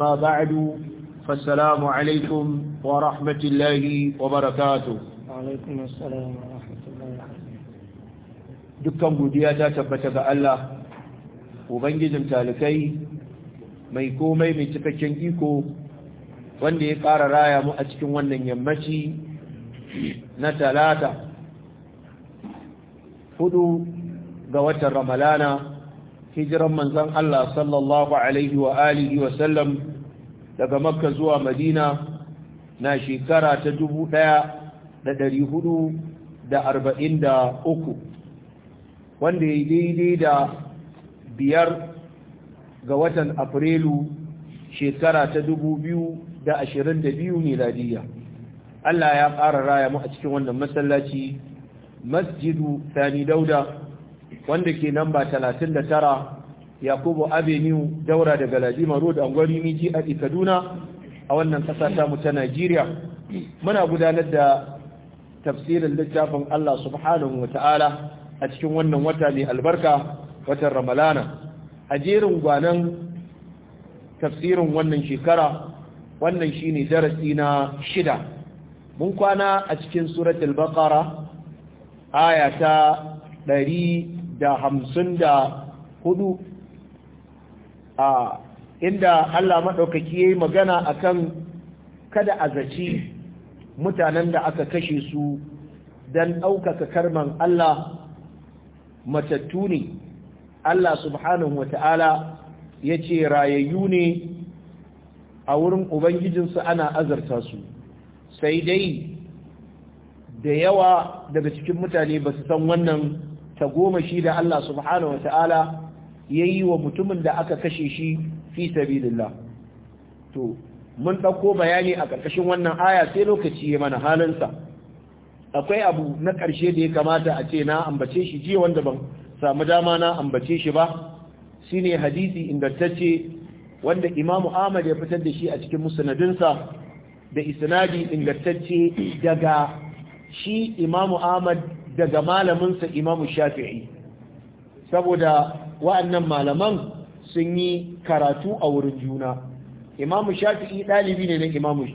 ما بعد فالسلام عليكم ورحمة الله وبركاته وعليكم السلام dukkan godiya ta tabbata ga Allah ubangijin talikai mai komai mai cikakken iko wanda ya ƙara raya mu a cikin wannan yammaci na talata hudu ga watan ramalana hijiran manzon Allah sallallahu alaihi wa alihi wa sallam daga makka zuwa madina na shekara ta dubu ɗaya da da da hudu uku, wanda ya daidai da biyar ga watan afrilu shekara ta dubu biyu da da ashirin 2022 miladiya Allah ya ƙara raya mu a cikin wannan masallaci masjidu sani dauda wanda ke namba 39 yakubu avenue daura daga ladima road angwari miji a kaduna a wannan kasa ta mu ta najeriya muna gudanar da tafsirin littafin allah subhanahu wa ta'ala a cikin wannan wata mai albarka watan ramalana a jerin gwanan tafsirin wannan shekara wannan shine darasi na shida mun kwana a cikin suratul baqara aya ta ɗari da hamsin da hudu a inda Allah maɗaukaki ya yi magana akan kada a zaci mutanen da aka kashe su don ɗaukaka karman Allah matattu ne Allah subhanahu wa ta'ala ya ce rayayyu ne a wurin Ubangijinsu ana azarta su sai dai da yawa daga cikin mutane ba su san wannan ta goma shi da Allah subhanahu wata'ala yayi wa mutumin da aka kashe shi fi sabilillah to mun ɗauko bayani a ƙarƙashin wannan aya sai lokaci ya mana halinsa akwai abu na ƙarshe da ya kamata a ce na ambace shi jiya wanda ban samu dama na ambace shi ba shine hadisi ingantacce wanda imamu ahmad ya fitar da shi a cikin musnadinsa da isnadi ingantacce daga shi imamu ahmad daga malaminsa imamu shafi'i saboda wa'annan malaman sun yi karatu a wurin juna imamu shafi'i ɗalibi ne na imamu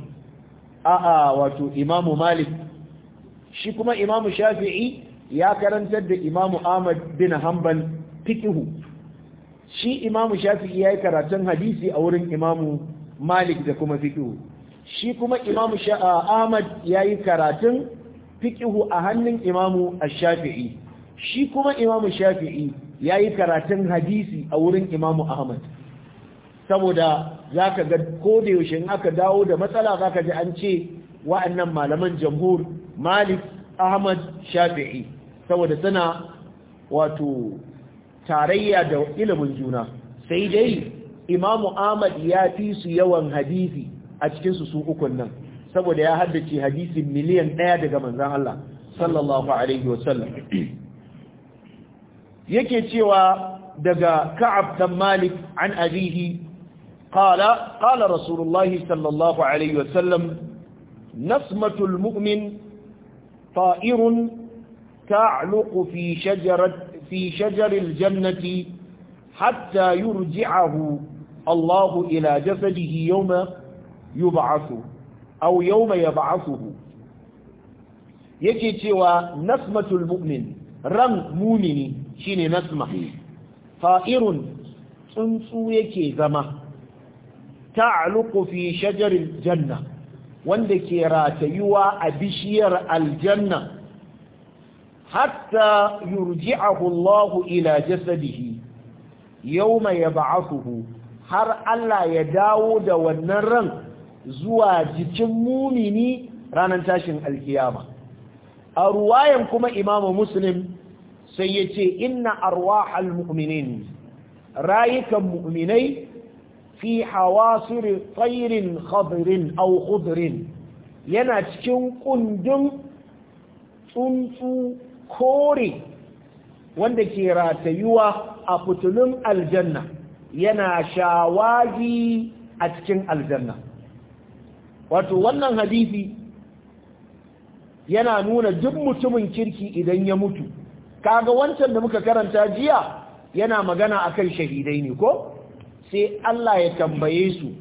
a'a wato imamu malik shi kuma imamu shafi'i ya karantar da imamu ahmad bin hanbal fikihu shi imamu shafi'i ya yi karatun hadisi a wurin imamu malik da kuma fikihu shi kuma imamu ahmad ya yi karatun Fikihu a hannun imamu ash-shafi'i shi kuma imamu shafi'i yayi karatun hadisi a wurin imamu ahmad saboda zaka ga ko da yaushe in aka dawo da matsala zaka ji an ce wa'annan malaman jamhur malik ahmad shafi'i saboda suna wato tarayya da ilimin juna sai dai imamu ahmad ya fi su yawan hadisi a cikinsu su ukun nan saboda ya haddace hadisi miliyan ɗaya daga manzan Allah sallallahu alaihi wasallam yake cewa daga ka'ab dan malik an abihi qala qala rasulullahi sallallahu alaihi wasallam nasmatul mu'min طائر تعلق في شجرة في شجر الجنة allahu يرجعه الله إلى جسده يوم يبعث aw yawma yab'athuhu yake cewa nasmatul mu'min ran mumini shine nasma fa'irun tsuntsu yake zama ta'luqu fi shajaril janna wanda ke ratayuwa a bishiyar aljanna hatta yurji'ahu Allah ila jasadihi yawma yab'athuhu har Allah ya dawo da wannan ran zuwa jikin mumini ranar tashin alkiyama a ruwayan kuma imamu muslim sai ya ce inna arwahal mu'minin rayukan mu'minai fi hawa tsairin khadirin au yana cikin kundin tsuntsu kore wanda ke ratayuwa a fitulun aljanna yana shawagi a cikin aljanna wato wannan hadisi yana nuna duk mutumin kirki idan ya mutu kaga wancan da muka karanta jiya yana magana akan shahidai ne ko sai Allah ya tambaye su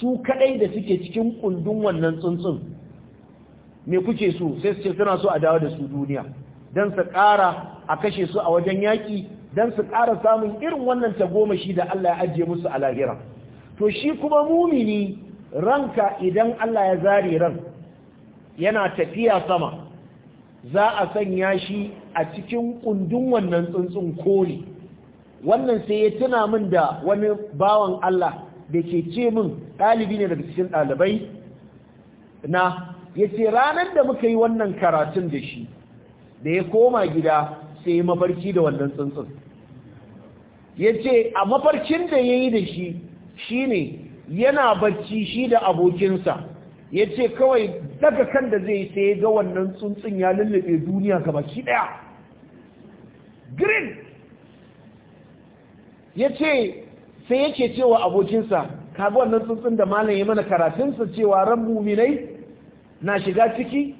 su kadai da suke cikin kundin wannan tsuntsun me kuke so sai su ce suna so a dawo da su duniya dan su ƙara a kashe su a wajen yaki dan su ƙara samun irin wannan tagomashi da Allah ya ajiye musu a lahira to shi kuma mumini ranka idan Allah ya zari ran yana tafiya sama za a sanya shi a cikin kundin wannan tsuntsun koli wannan sai ya tuna min da wani bawan Allah da ke ce min ɗalibi ne daga cikin ɗalibai na ya ce ranar da muka yi wannan karatun da shi da ya koma gida sai ya mafarki da wannan tsuntsun ya ce a mafarkin da ya yi da shi shi ne yana bacci shi da abokinsa ya ce kawai daga kan da zai sai ga wannan tsuntsun ya lullube duniya gaba shi daya green ya ce sai yake cewa abokinsa kaga wannan tsuntsun da malam ya mana karatunsa cewa ran muminai na shiga ciki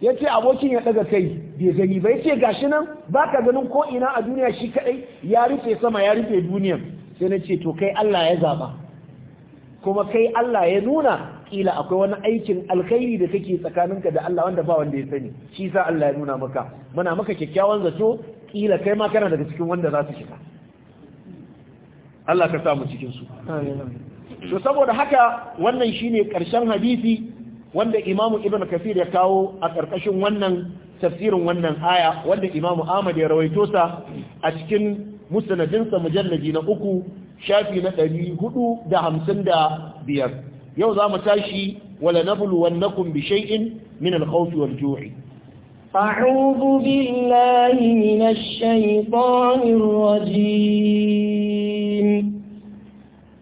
ya ce abokin ya daga kai bai gani ba ya ce gashi nan ba ka ganin ko ina a duniya shi kadai ya rufe sama ya rufe duniyan sai na ce to kai Allah ya zaba kuma kai Allah ya nuna kila akwai wani aikin alkhairi da kake tsakaninka da Allah wanda ba wanda ya sani shi sa Allah ya nuna maka muna maka kyakkyawan zato kila kai ma kana daga cikin wanda za su shiga Allah ka mu cikin su to saboda haka wannan shine karshen hadisi wanda Imam Ibn Kathir ya kawo a karkashin wannan tafsirin wannan aya wanda Imam Ahmad ya rawaito sa a cikin musnadinsa mujalladi na uku shafi na ɗari hudu da hamsin da biyar yau za mu tashi wala nabulu wannakum bi shay'in min al-khawfi wal ju'i أعوذ بالله من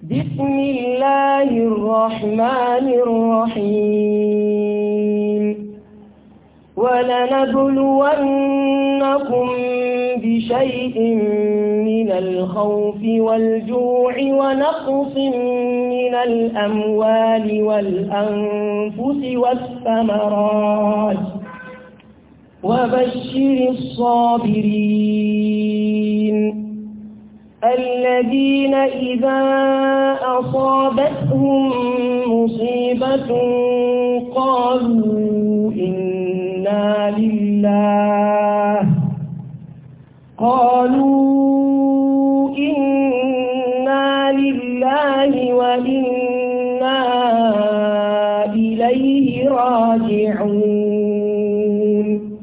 بسم الله الرحمن الرحيم ولنبلونكم بشيء من الخوف والجوع ونقص من الأموال والأنفس والثمرات وبشر الصابرين الذين إذا أصابتهم مصيبة قالوا إنا لله قالوا إنا لله وإنا إليه راجعون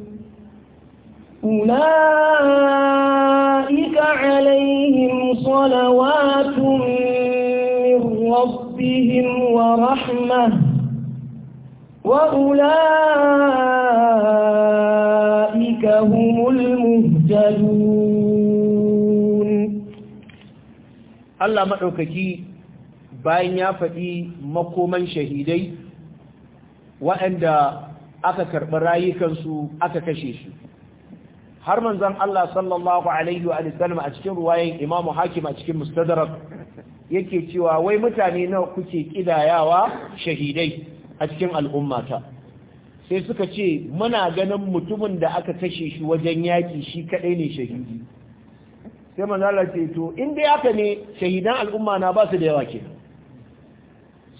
أولئك عليهم صلوات من ربهم ورحمة وأولئك Allah maɗaukaki bayan ya faɗi makoman shahidai waɗanda aka karɓi rayukansu aka kashe su har manzon Allah sallallahu alaihi wa sallam a cikin ruwayan Imam Hakim a cikin Mustadrak yake cewa wai mutane nawa kuke ƙidayawa shahidai a cikin al'ummata sai suka ce muna ganin mutumin da aka kashe shi wajen yaki shi kadai ne shahidi sai manzala ce to in dai haka ne shahidan al'umma na ba su da yawa ke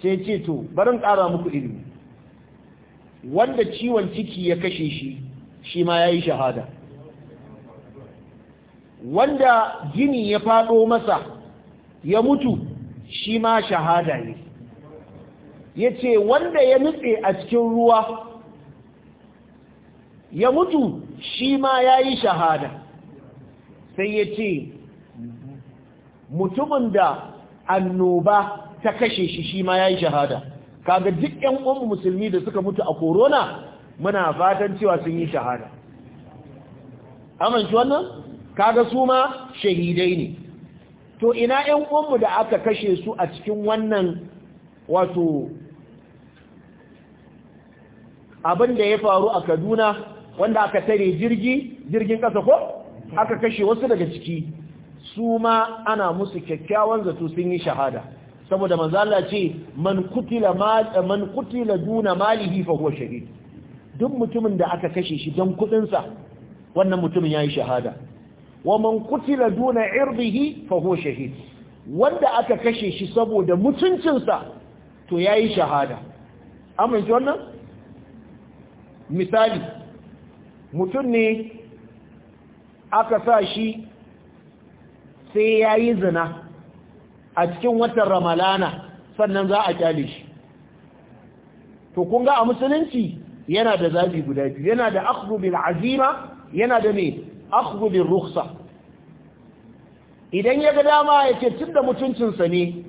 sai ce to barin ƙara muku ilimi wanda ciwon ciki ya kashe shi shi ma ya yi shahada wanda gini ya faɗo masa ya mutu shi ma shahada ne Yace wanda ya nutse a cikin ruwa ya mutu shi ma ya yi shahada sai ya ce mutumin da annoba ta kashe shi shi ma ya yi shahada kaga duk 'yan uwan musulmi da suka mutu a korona muna fatan cewa sun yi shahada amince wannan kaga su ma shahidai ne to ina 'yan uwanmu da aka kashe su a cikin wannan wato abin da ya faru a kaduna wanda aka tare jirgi jirgin ƙasa ko aka kashe wasu daga ciki su ma ana musu kyakkyawan zato sun yi shahada saboda manzala ce man kutila man kutila duna malihi fa huwa shahid duk mutumin da aka kashe shi dan kudin sa wannan mutumin yayi shahada wa man kutila duna irdihi fa huwa shahid wanda aka kashe shi saboda mutuncin sa to yayi shahada amince wannan misali mutum ne aka sa shi sai ya yi zina a cikin watan ramalana sannan za a kyale shi to kun ga a musulunci yana da zabi guda biyu yana da akhdhu azima yana da ne akhdhu ruksa. idan ya ga dama ya ce da mutuncinsa ne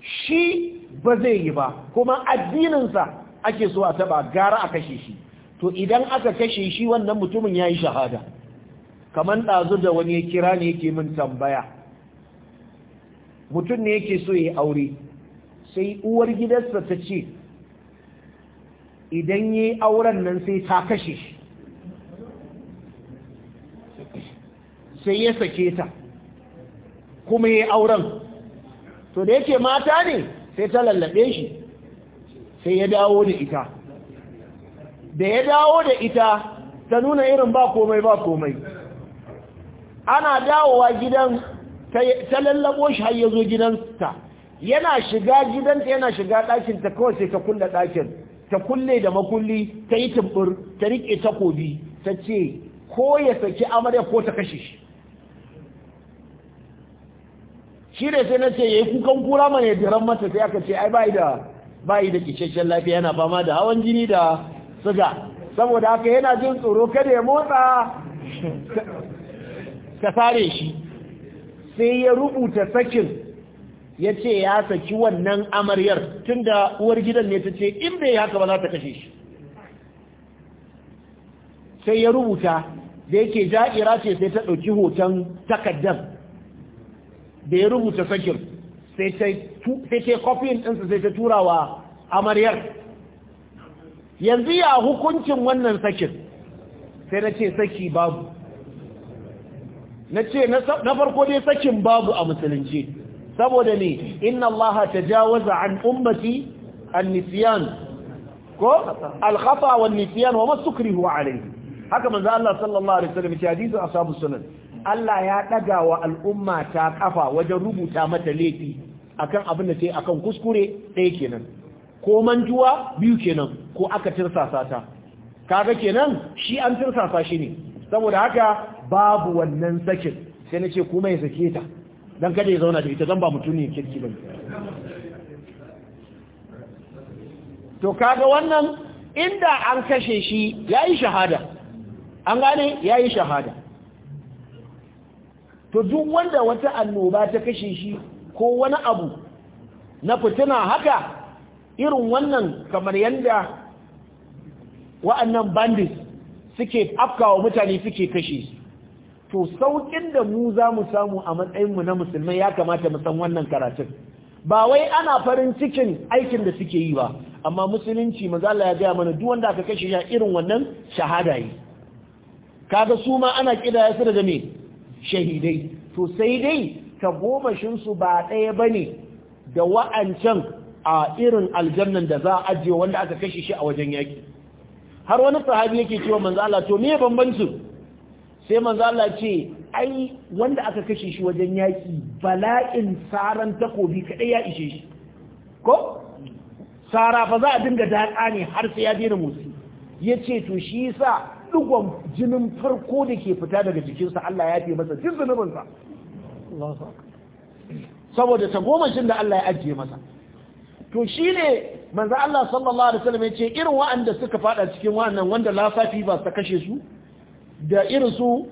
shi ba zai yi ba kuma addininsa ake so a taba gara a kashe shi to idan aka kashe shi wannan mutumin ya yi shahada kamar ɗazu da wani ya kira ne yake min tambaya mutum ne yake so ya aure sai uwar gidansa ta ce idan ya yi auren nan sai ta kashe shi sai ya sake ta kuma ya yi auren to da yake mata ne sai ta lallabe shi sai ya dawo da ita da ya dawo da ita ta nuna irin ba komai ba komai ana dawowa gidan ta lallabo shi har ya zo gidansa yana shiga gidanta yana shiga ɗakin ta kawai sai ta kulle ɗakin ta kulle da makulli ta yi tumbur ta riƙe takobi ta ce ko ya saki amarya ko ta kashe shi shi ne sai na ce ya yi kukan kura mana ya diran mata sai aka ce ai bayi da bayi da kishashen lafiya yana fama da hawan jini da suga saboda haka yana jin tsoro kada ya motsa ta sare shi sai ya rubuta sakin ya ce ya saki wannan amaryar tun da uwar gidan ne ta ce in bai haka ba za ta kashe shi sai ya rubuta da yake ja'ira ce sai ta ɗauki hoton takaddam da ya rubuta sakin sai ta kofin ɗinsa sai ta tura wa amaryar yanzu ya hukuncin wannan sakin sai na ce saki babu na ce na farko dai sakin babu a musulunci saboda ne inna Allah tajawaza an ummati an-nisyan ko al-khata wan-nisyan wa masukrihu alayhi haka manzo Allah sallallahu alaihi wasallam ya hadisi ashabu sunan Allah ya daga wa al'ummata ta kafa wajen rubuta mata laifi akan abin da sai akan kuskure ɗaya kenan ko manjuwa biyu kenan ko aka tirsasa ta kaga kenan shi an tirsasa shi ne saboda haka babu wannan sakin sai na ce kuma ya sake ta don kada ya zauna da ita zan ba ne kirki ba to kaga wannan inda an kashe shi ya yi shahada an gane ya yi shahada to duk wanda wata annoba ta kashe shi ko wani abu na fitina haka irin wannan kamar yadda wa'annan bandits suke afkawa mutane suke kashe su to saukin da mu za mu samu a matsayin mu na musulmai ya kamata mu san wannan karatun ba wai ana farin cikin aikin da suke yi ba amma musulunci mazala ya gaya mana duk wanda aka kashe ya irin wannan shahada yi kaga su ma ana ya su daga me shahidai to sai dai tagomashin su ba ɗaya bane da wa'ancan a irin aljannan da za a ajiye wanda aka kashe shi a wajen yaki har wani sahabi yake cewa manzo Allah to me bambancin sai manzo Allah ce ai wanda aka kashe shi wajen yaki bala'in saran takobi kadai ya ishe shi ko sara fa za a dinga daka ne har sai ya daina motsi yace to shi yasa digon jinin farko da ke fita daga jikinsa Allah ya fi masa na zunubinsa saboda shin da Allah ya ajiye masa to shi manzo Allah sallallahu alaihi wasallam yace irin wa'anda suka fada cikin wannan wanda lafafi ba su kashe su da irin su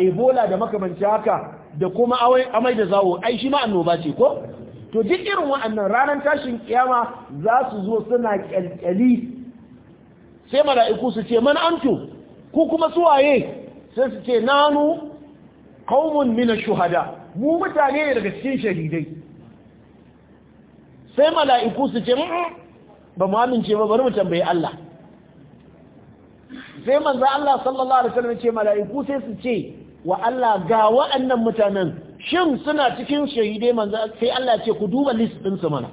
Ebola da makamanci haka da kuma amai da zawo ai shi ma annoba ce ko to duk irin wa'annan ranar tashin kiyama za su zo suna kyalkyali sai mala'iku su ce man antu ku kuma su waye sai su ce nanu qaumun min ash-shuhada mu mutane daga cikin shahidai sai mala'iku su ce ba mu amince ba bari mu tambaye Allah sai manzo Allah sallallahu alaihi wasallam ce mala'iku sai su ce wa Allah ga wa'annan mutanen shin suna cikin shahidai manzo sai Allah ce ku duba list din su mana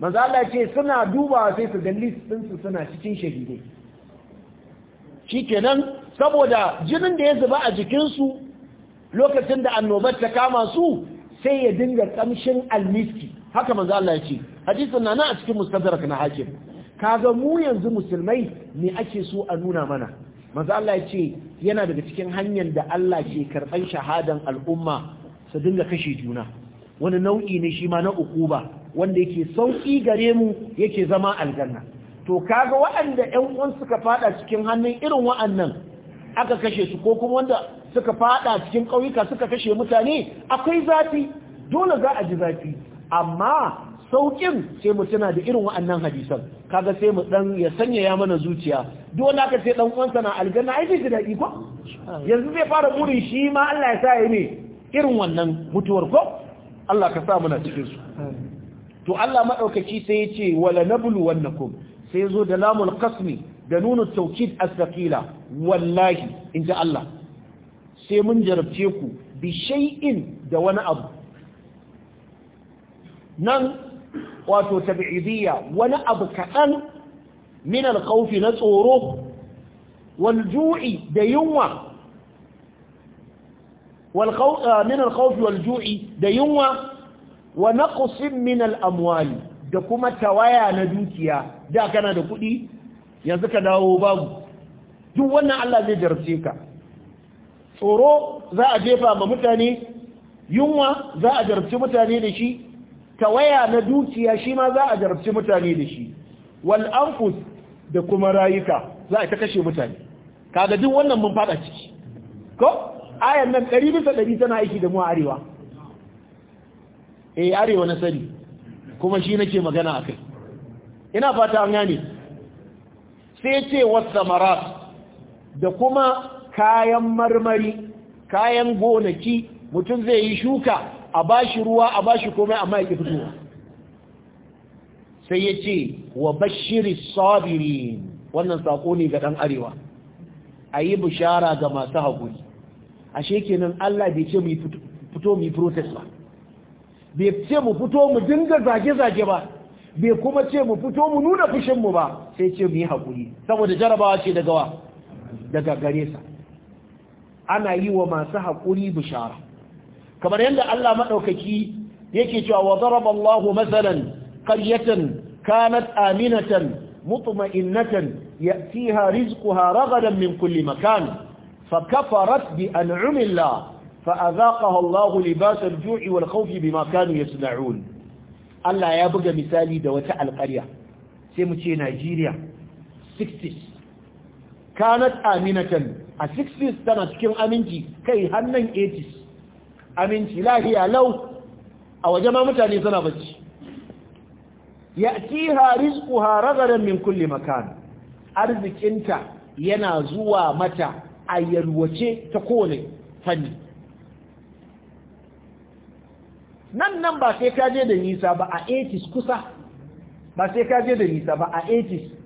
manzo Allah ce suna dubawa sai su ga list din su suna cikin shahidai shikenan saboda jinin da ya zuba a jikin su lokacin da annobar ta kama su sai ya dinga kamshin almiski haka manzo Allah ya ce hadisin na na a cikin mustadrak na hakim kaga mu yanzu musulmai me ake so a nuna mana manzo Allah ya ce yana daga cikin hanyar da Allah ke karban shahadan al'umma su dinga kashe juna wani nau'i ne shi ma na ukuba wanda yake sauki gare mu yake zama aljanna to kaga waɗanda ƴan uwan suka fada cikin hannun irin waɗannan aka kashe su ko kuma wanda suka fada cikin ƙauyuka suka kashe mutane akwai zafi dole za a ji zafi amma saukin sai mu tana da irin wa'annan hadisan kaga sai mu dan ya sanya ya mana zuciya duk wanda aka ce dan uwansa na aljanna ai zai daɗi ko yanzu zai fara burin shi ma Allah ya sa ya ne irin wannan mutuwar ko Allah ka sa muna cikin su to Allah madaukaki sai ya ce wala nablu wannakum sai zo da lamul qasmi da nunu tawkid as-saqila wallahi inda Allah sai mun jarabce ku bi shay'in da wani abu nan wato tab'idiyya wani abu kaɗan min alkhawfi na tsoro wal ju'i da yunwa wal khawf ah, min wal da yunwa wa naqsin min amwali da kuma tawaya na dukiya da kana da kuɗi yanzu ka dawo babu duk wannan Allah zai jarce ka tsoro za a jefa ma mutane yunwa za a jarci mutane da shi tawaya na dukiya shi ma za a jarabci mutane da shi wal anfus da kuma rayuka za a ta kashe mutane kaga duk wannan mun fada ciki ko ayan nan 100 bisa 100 tana aiki da mu arewa eh arewa na sani kuma shi nake magana akai ina fata an gane sai ce wasamarat da kuma kayan marmari kayan gonaki mutum zai yi shuka a bashi ruwa a bashi komai amma ya ƙi fito sai ya ce wa bashiri sabirin wannan sako ne ga ɗan arewa a yi bishara ga masu haƙuri ashe kenan Allah bai ce mu fito mu yi protest ba bai ce mu fito mu dinga zage-zage ba bai kuma ce mu fito mu nuna fushinmu ba sai ce mu yi haƙuri saboda jarabawa ce daga wa daga gare sa ana yi wa masu haƙuri bishara kamar yadda Allah maɗaukaki yake cewa wa daraba Allahu masalan qaryatan kanat aminatan mutma'innatan ya'tiha rizquha ragadan min kulli makan فكفرت بأنعم الله فأذاقها الله لباس الجوع والخوف بما كانوا يصنعون Allah ya buga misali da wata alƙarya sai mu ce Najeriya 60 kanat aminatan a 60 tana cikin aminci kai hannan 80 aminci lahiya lau a waje ma mutane suna bacci ya ya'tiha rizquha ragadan min kulli makan arzikinta yana zuwa mata a yalwace ta kowane fanni nan nan ba sai ka je da nisa ba a 80 kusa ba sai ka je da nisa ba a 80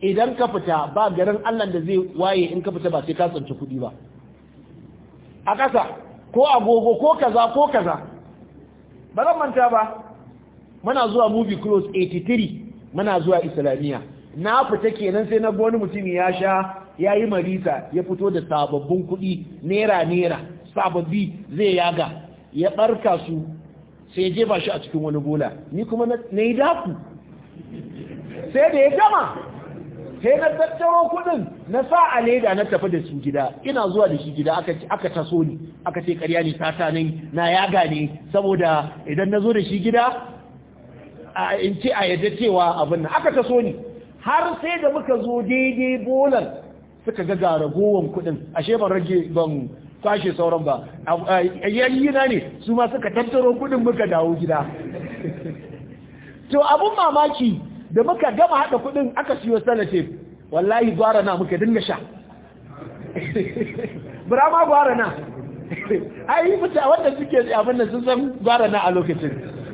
idan ka fita ba garin Allah da zai waye in ka fita ba sai ka tsanci kudi ba a ƙasa ko agogo ko kaza ko kaza ba zan manta ba muna zuwa movie close 83 muna zuwa islamiyya na fita kenan sai na wani mutum ya sha ya yi marisa ya fito da sababbin kuɗi nera nera sababbi zai yaga ya barka su sai jefa shi a cikin wani bola ni kuma na yi daku sai da ya gama sai na tattaro kudin na sa a leda na tafi da su gida ina zuwa da shi gida aka taso ni aka ce karya ne sata ne na ya gane saboda idan na zo da shi gida in ce a yadda cewa abin nan aka taso ni har sai da muka zo daidai bolan suka ga ga kuɗin. kudin ashe ban rage ban kwashe sauran ba na ne su ma suka tattaro kudin muka dawo gida to abun mamaki da muka gama haɗa kuɗin aka siyo salatif wallahi gwara na muka dinga sha burama gwara na ai mutu wanda suke abin da sun san gwara na a lokacin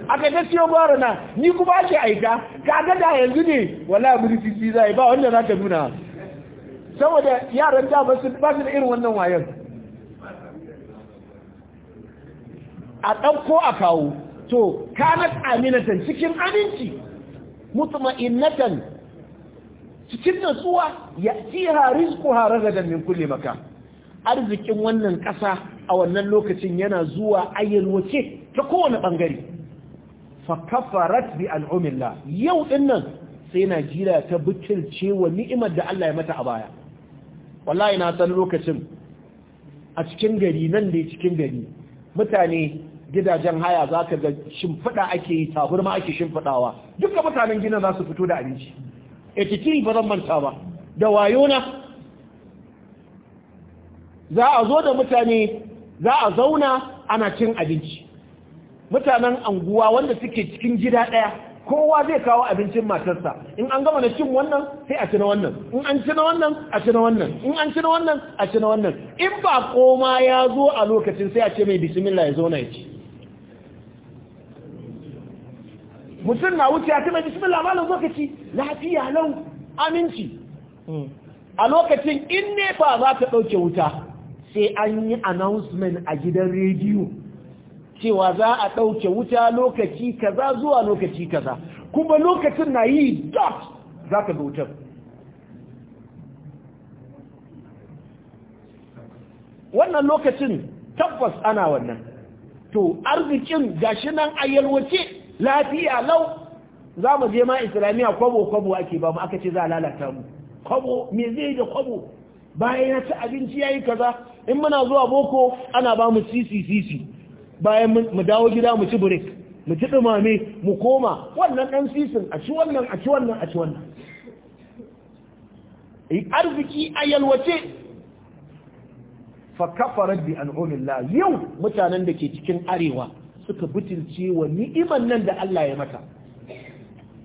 aka ta siyo gwara na ni kuma ake aika ka ga da yanzu ne wallahi mulkici zai ba wanda za ka nuna saboda yaran da ba su da irin wannan wayan a ɗauko a kawo to kanat aminatan cikin aminci mutma'innatan cikin nasuwa ya ci tiha ha ragadan min kulli maka. arzikin wannan ƙasa a wannan lokacin yana zuwa ayyalwace ta kowane bangare fa kafarat bi al'umillah yau nan sai Najeriya ta butulce wa ni'imar da Allah ya mata a baya wallahi na san lokacin a cikin gari nan da cikin gari mutane gidajen haya za ka ga shimfiɗa ake yi ma ake shimfiɗawa duka mutanen gina za su fito da abinci etiti ba zan manta ba da wayo na? za a zo da mutane za a zauna ana cin abinci mutanen anguwa wanda suke cikin gida ɗaya kowa zai kawo abincin matarsa in an gama na cin wannan sai a cina wannan in an cina wannan a cina wannan in an cina wannan a cina wannan in ba koma ya zo a lokacin sai a ce mai bismillah ya zo na ya ci mutum na wuce ta mai bismillah malam lokaci. lafiya lau aminci a lokacin in ne za ta ɗauke wuta sai an yi announcement a gidan rediyo cewa za a ɗauke wuta lokaci kaza zuwa lokaci kaza kuma lokacin na yi dot za ka wutar wannan lokacin tabbas ana wannan to arzikin gashi nan a yalwace lafiya lau za mu je ma islamiyya kwabo kwabo ake ba mu aka ce za a lalata mu kwabo me zai da kwabo bayan na ci abinci yayi kaza in muna zuwa boko ana ba mu sisi sisi bayan mu dawo gida mu ci break mu ci dumame mu koma wannan dan sisin a ci wannan a ci wannan a ci wannan arziki a yalwace fa kafarat bi an'umillah yau mutanen da ke cikin arewa suka butulce wa ni'iman nan da Allah ya mata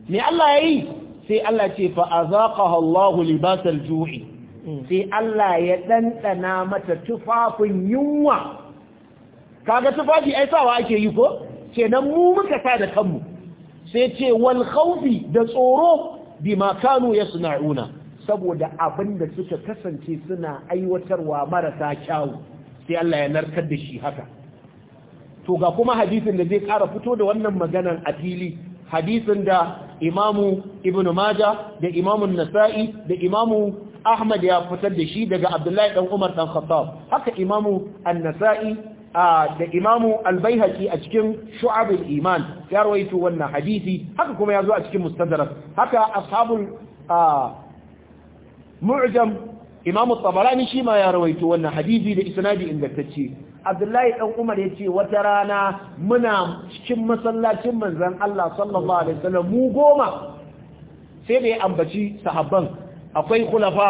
me Allah ya yi sai Allah ce fa azaqaha Allahu libasal ju'i mm. sai Allah ya dandana mata tufafin yunwa kaga tufafi ai ake yi ko kenan mu muka sa da kanmu sai ce wal haufi da tsoro bima kanu yasna'una saboda abin da suka kasance suna aiwatarwa marasa kyawu sai Allah ya narkar da shi haka to ga kuma hadisin da zai ƙara fito da wannan maganan a fili hadisin da imamu ibn maja da imamu nasa'i da imamu ahmad ya fitar da shi daga abdullahi dan umar dan khattab haka imamu an-nasa'i da imamu al-baihaqi a cikin shu'ab al-iman ya rawaito wannan hadisi haka kuma ya zo a cikin mustadrak haka ashabul mu'jam imamu tabarani shi ma ya rawaito wannan hadisi da isnadi ingantacce abdullahi dan umar yace wata rana muna cikin masallacin manzon Allah sallallahu alaihi wasallam mu goma sai da ya ambaci sahabban akwai khulafa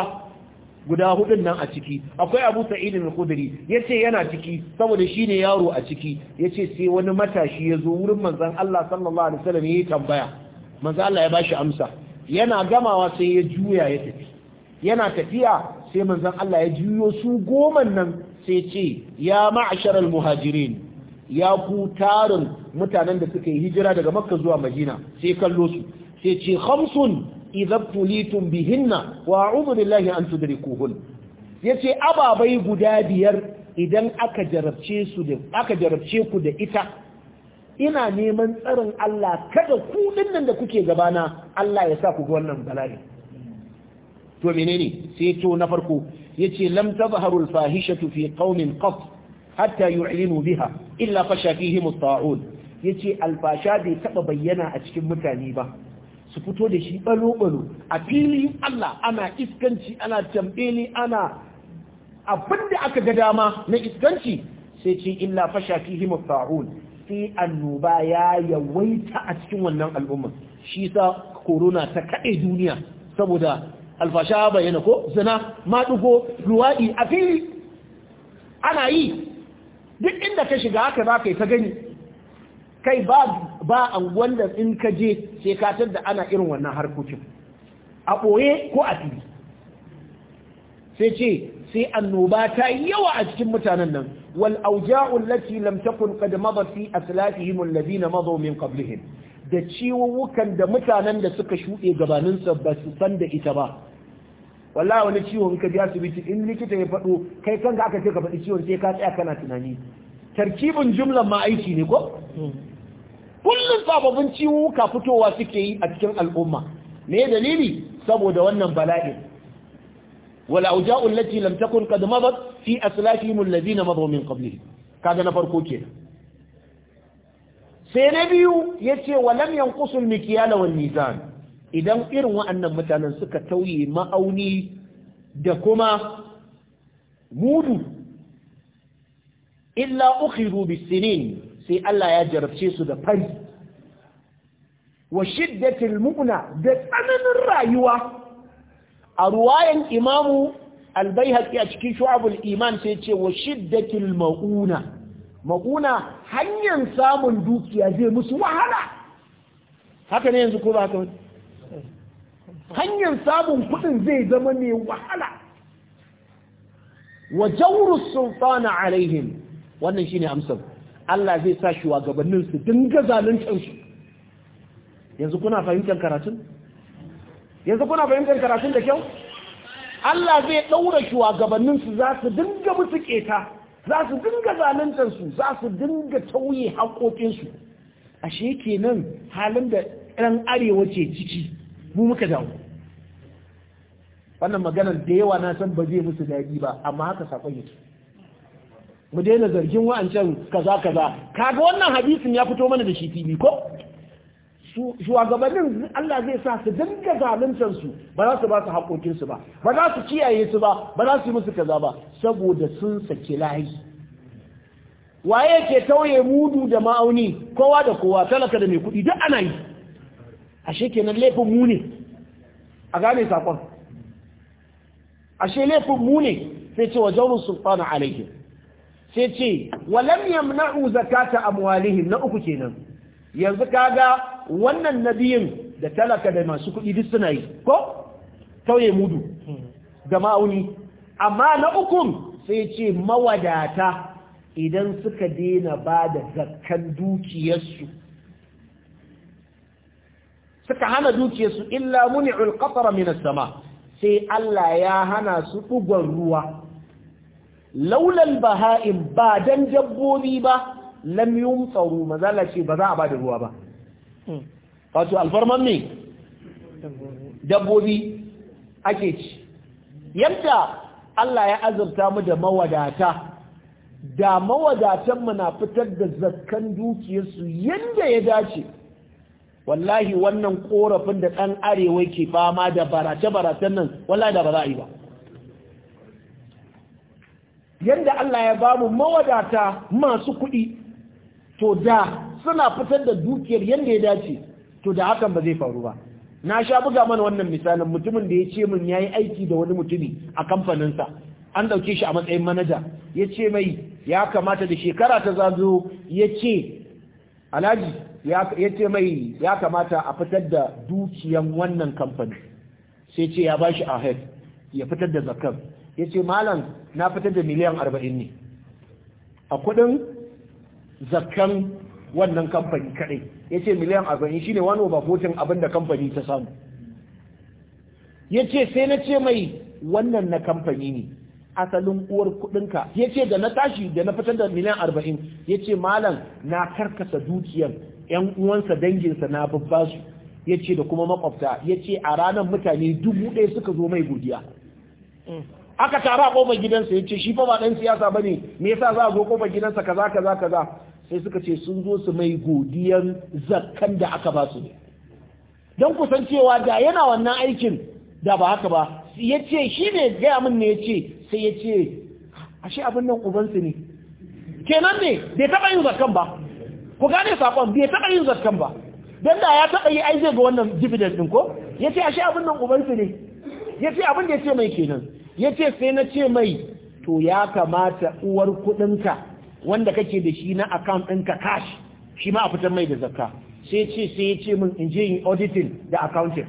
guda hudun nan a ciki akwai abu sa'id bin khudri yace yana ciki saboda shine yaro a ciki yace sai wani matashi ya zo wurin manzon Allah sallallahu alaihi wasallam yayi tambaya manzon Allah ya bashi amsa yana gamawa sai ya juya ya tafi yana tafiya sai manzon Allah ya juyo su goma nan sai ce ya ma'asharal muhajirin ya ku tarin mutanen da suka yi hijira daga makka zuwa madina sai kallo su sai ce khamsun idza tulitum bihinna wa a'udhu billahi an tudrikuhun yace ababai guda biyar idan aka jarabce su da aka jarabce ku da ita ina neman tsarin Allah kada ku dinnan da kuke gabana Allah ya sa ku ga wannan bala'i to menene sai to na farko yace lam tazharu al-fahishatu fi qaumin qat hatta yu'linu biha illa fasha fihim at-ta'un yace alfasha bai taba bayyana a cikin mutane ba su fito da shi balo-balo a filin Allah ana iskanci ana tambeli ana abinda aka ga dama na iskanci sai ce illa fasha fihim at-ta'un sai annoba ya yawaita a cikin wannan al'umma shi sa corona ta kade duniya saboda alfasha bayyana ko zina maɗugo luwaɗi a fili ana yi duk inda ka shiga haka za ka yi ta gani kai ba anguwan da in ka je sai ka da ana irin wannan harkokin a ɓoye ko a fili sai ce sai annoba ta yi yawa a cikin mutanen nan wal auja'u allati lam takun qad madat fi aslafihim alladhina madu min qablihim da ciwuwukan da mutanen da suka shuɗe gabaninsa ba su san da ita ba wallahi wani ciwon ka je asibiti in likita ya faɗo kai kanka aka ce ka faɗi ciwon sai ka tsaya kana tunani tarkibin jumlan ma aiki ne ko kullum sababbin ka fitowa suke yi a cikin al'umma me dalili saboda wannan bala'in wala auja'u allati lam takun qad madat fi aslafihim alladhina madu min qablihim kaga na farko kenan sai na biyu yace walam yanqusul mikyala wan mizan idan irin wa'annan mutanen suka tauye ma'auni da kuma mudu illa ukhiru bisinin sai Allah ya jarabce su da fari wa shiddatil mu'na da tsananin rayuwa a ruwayan imamu albayhaqi a cikin shu'abul iman sai ce wa shiddatil mauna mauna hanyar samun dukiya zai musu wahala haka ne yanzu ko ba haka hanyar samun kuɗin zai zama mai wahala wa jawrus sultana alaihim wannan shine amsar Allah zai sa shi wa gabanin su dinga zaluntar su yanzu kuna fahimtar karatun yanzu kuna fahimtar karatun da kyau Allah zai daura shi wa gabanin su za su dinga musu keta za su dinga zaluntar su za su dinga tauye hakokin su ashe kenan halin da ran arewa ce ciki mu muka dawo. wannan maganar da yawa na san ba zai musu daɗi ba amma haka sakon yake mu daina zargin wa'ancan kaza kaza kaga wannan hadisin ya fito mana da shi fili ko shugabannin Allah zai sa su dinga zaluntar su ba za su ba su haƙoƙin su ba ba za su kiyaye su ba ba za su yi musu kaza ba saboda sun saki layi waye ke tauye mudu da ma'auni kowa da kowa talaka da mai kuɗi duk ana yi ashe kenan laifin mu ne a gane sakon ashe laifin mu ne sai ce wa jawrun sultana alaihi sai ce walam yamna'u zakata amwalihim na uku kenan yanzu kaga wannan nabiyin da talaka da masu kuɗi duk suna yi ko tauye mudu da ma'auni amma na uku sai ce mawadata idan suka daina ba da zakkan dukiyarsu suka hana dukiyarsu illa muni'ul qatara min as-sama sai Allah ya hana su dugon ruwa Laulan baha'im ba dan dabbobi ba lam yumsaru mazala ce ba za a bada ruwa ba hmm. wato alfarman ne dabbobi ake ci yadda Allah ya azurta mu da mawadata da mawadatan mu na fitar da zakkan dukiyarsu yanda ya dace wallahi wannan korafin da ɗan arewa ke fama da barace-baracen nan wallahi da ba za a yi ba yadda Allah ya ba mu mawadata masu kuɗi to da suna fitar da dukiyar yadda ya dace to da hakan ba zai faru ba na sha buga mana wannan misalin mutumin da ya ce min ya yi aiki da wani mutumi a kamfaninsa an ɗauke shi a matsayin manaja ya ce mai ya kamata da shekara ta zazo ya ce alhaji ya ce mai ya kamata a fitar da dukiyan wannan kamfani sai ce ya bashi a head ya fitar da zakar ya ce malam na fitar da miliyan arba'in ne a kudin zakan wannan kamfani kadai ya ce miliyan arba'in shine wani obafotin abin da kamfani ta samu ya ce sai na ce mai wannan na kamfani ne asalin uwar kudinka ya ce da na tashi da na fitar da miliyan arba'in ya ce malam na karkasa dukiyar yan uwansa danginsa na babba su ya ce da kuma makwabta ya ce a ranar mutane dubu ɗaya suka zo mai godiya aka tara a kofar gidansa ya ce shi fa ba ɗan siyasa bane. ne me yasa za a zo kofar gidansa kaza kaza kaza sai suka ce sun zo su mai godiyan zakkan da aka ba su don kusan cewa da yana wannan aikin da ba haka ba ya ce shi ne gaya min ne ya ce sai ya ce ashe abin nan ubansu ne kenan ne bai taɓa yin zarkan ba ku gane saƙon bai taɓa yin zarkan ba don da ya taɓa yi ai ga wannan dividend ɗin ko ya ce ashe abin nan ubansu ne ya ce abin da ya ce mai kenan ya ce sai na ce mai to ya kamata uwar kuɗinka wanda kake da shi na account ɗinka cash shi ma a fitar mai da zakka sai ce sai ya ce min in je yin auditing da accounting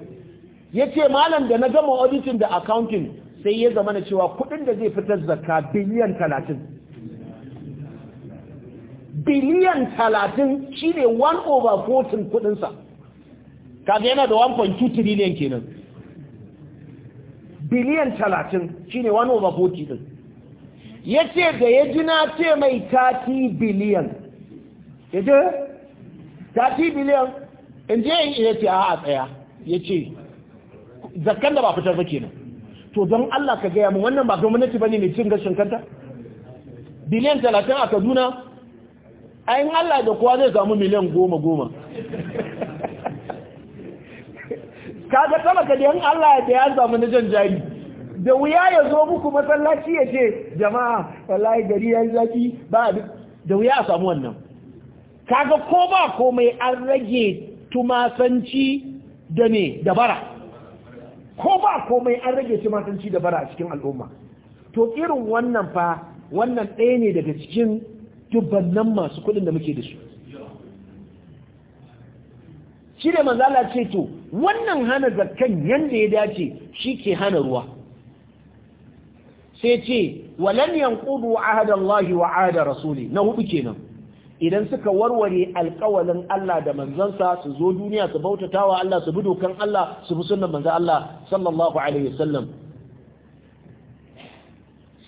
ya ce malam da na gama auditing da accounting sai ya zama na cewa kudin da zai fitar zakka biliyan talatin biliyan talatin shi ne 1 over 14 kudinsa kaga yana da 1.2 trillion kenan biliyan talatin shi ne 1 over 14 din ya ce da ya ji na ce mai 30 biliyan ya ce 30 biliyan in je ya ce a a tsaya ya ce zakkan da ba fitar ba kenan to don Allah ka gaya mu wannan ba gwamnati bane mai cin gashin kanta biliyan talatin a kaduna ayin Allah da kowa zai samu miliyan goma goma sama ka da yan Allah da ya samu na jan jari da wuya ya zo muku masallaci ya ce jama'a wallahi gari ya yi zafi ba da wuya a samu wannan kaga ko ba komai an rage tumasanci da ne da bara ko ba komai an rage shi matanci da bara a cikin al'umma to irin wannan fa wannan ɗaya ne daga cikin dubbannan masu kuɗin da muke da su shi da manzala ce to wannan hana zakkan yanda ya dace shi ke hana ruwa sai ce walan yanqudu ahadallahi wa ahada rasuli na hudu kenan idan suka warware alkawalin Allah da manzansa su zo duniya su bautata wa Allah su bi dokan Allah su bi sunnan manzan Allah sallallahu alaihi wasallam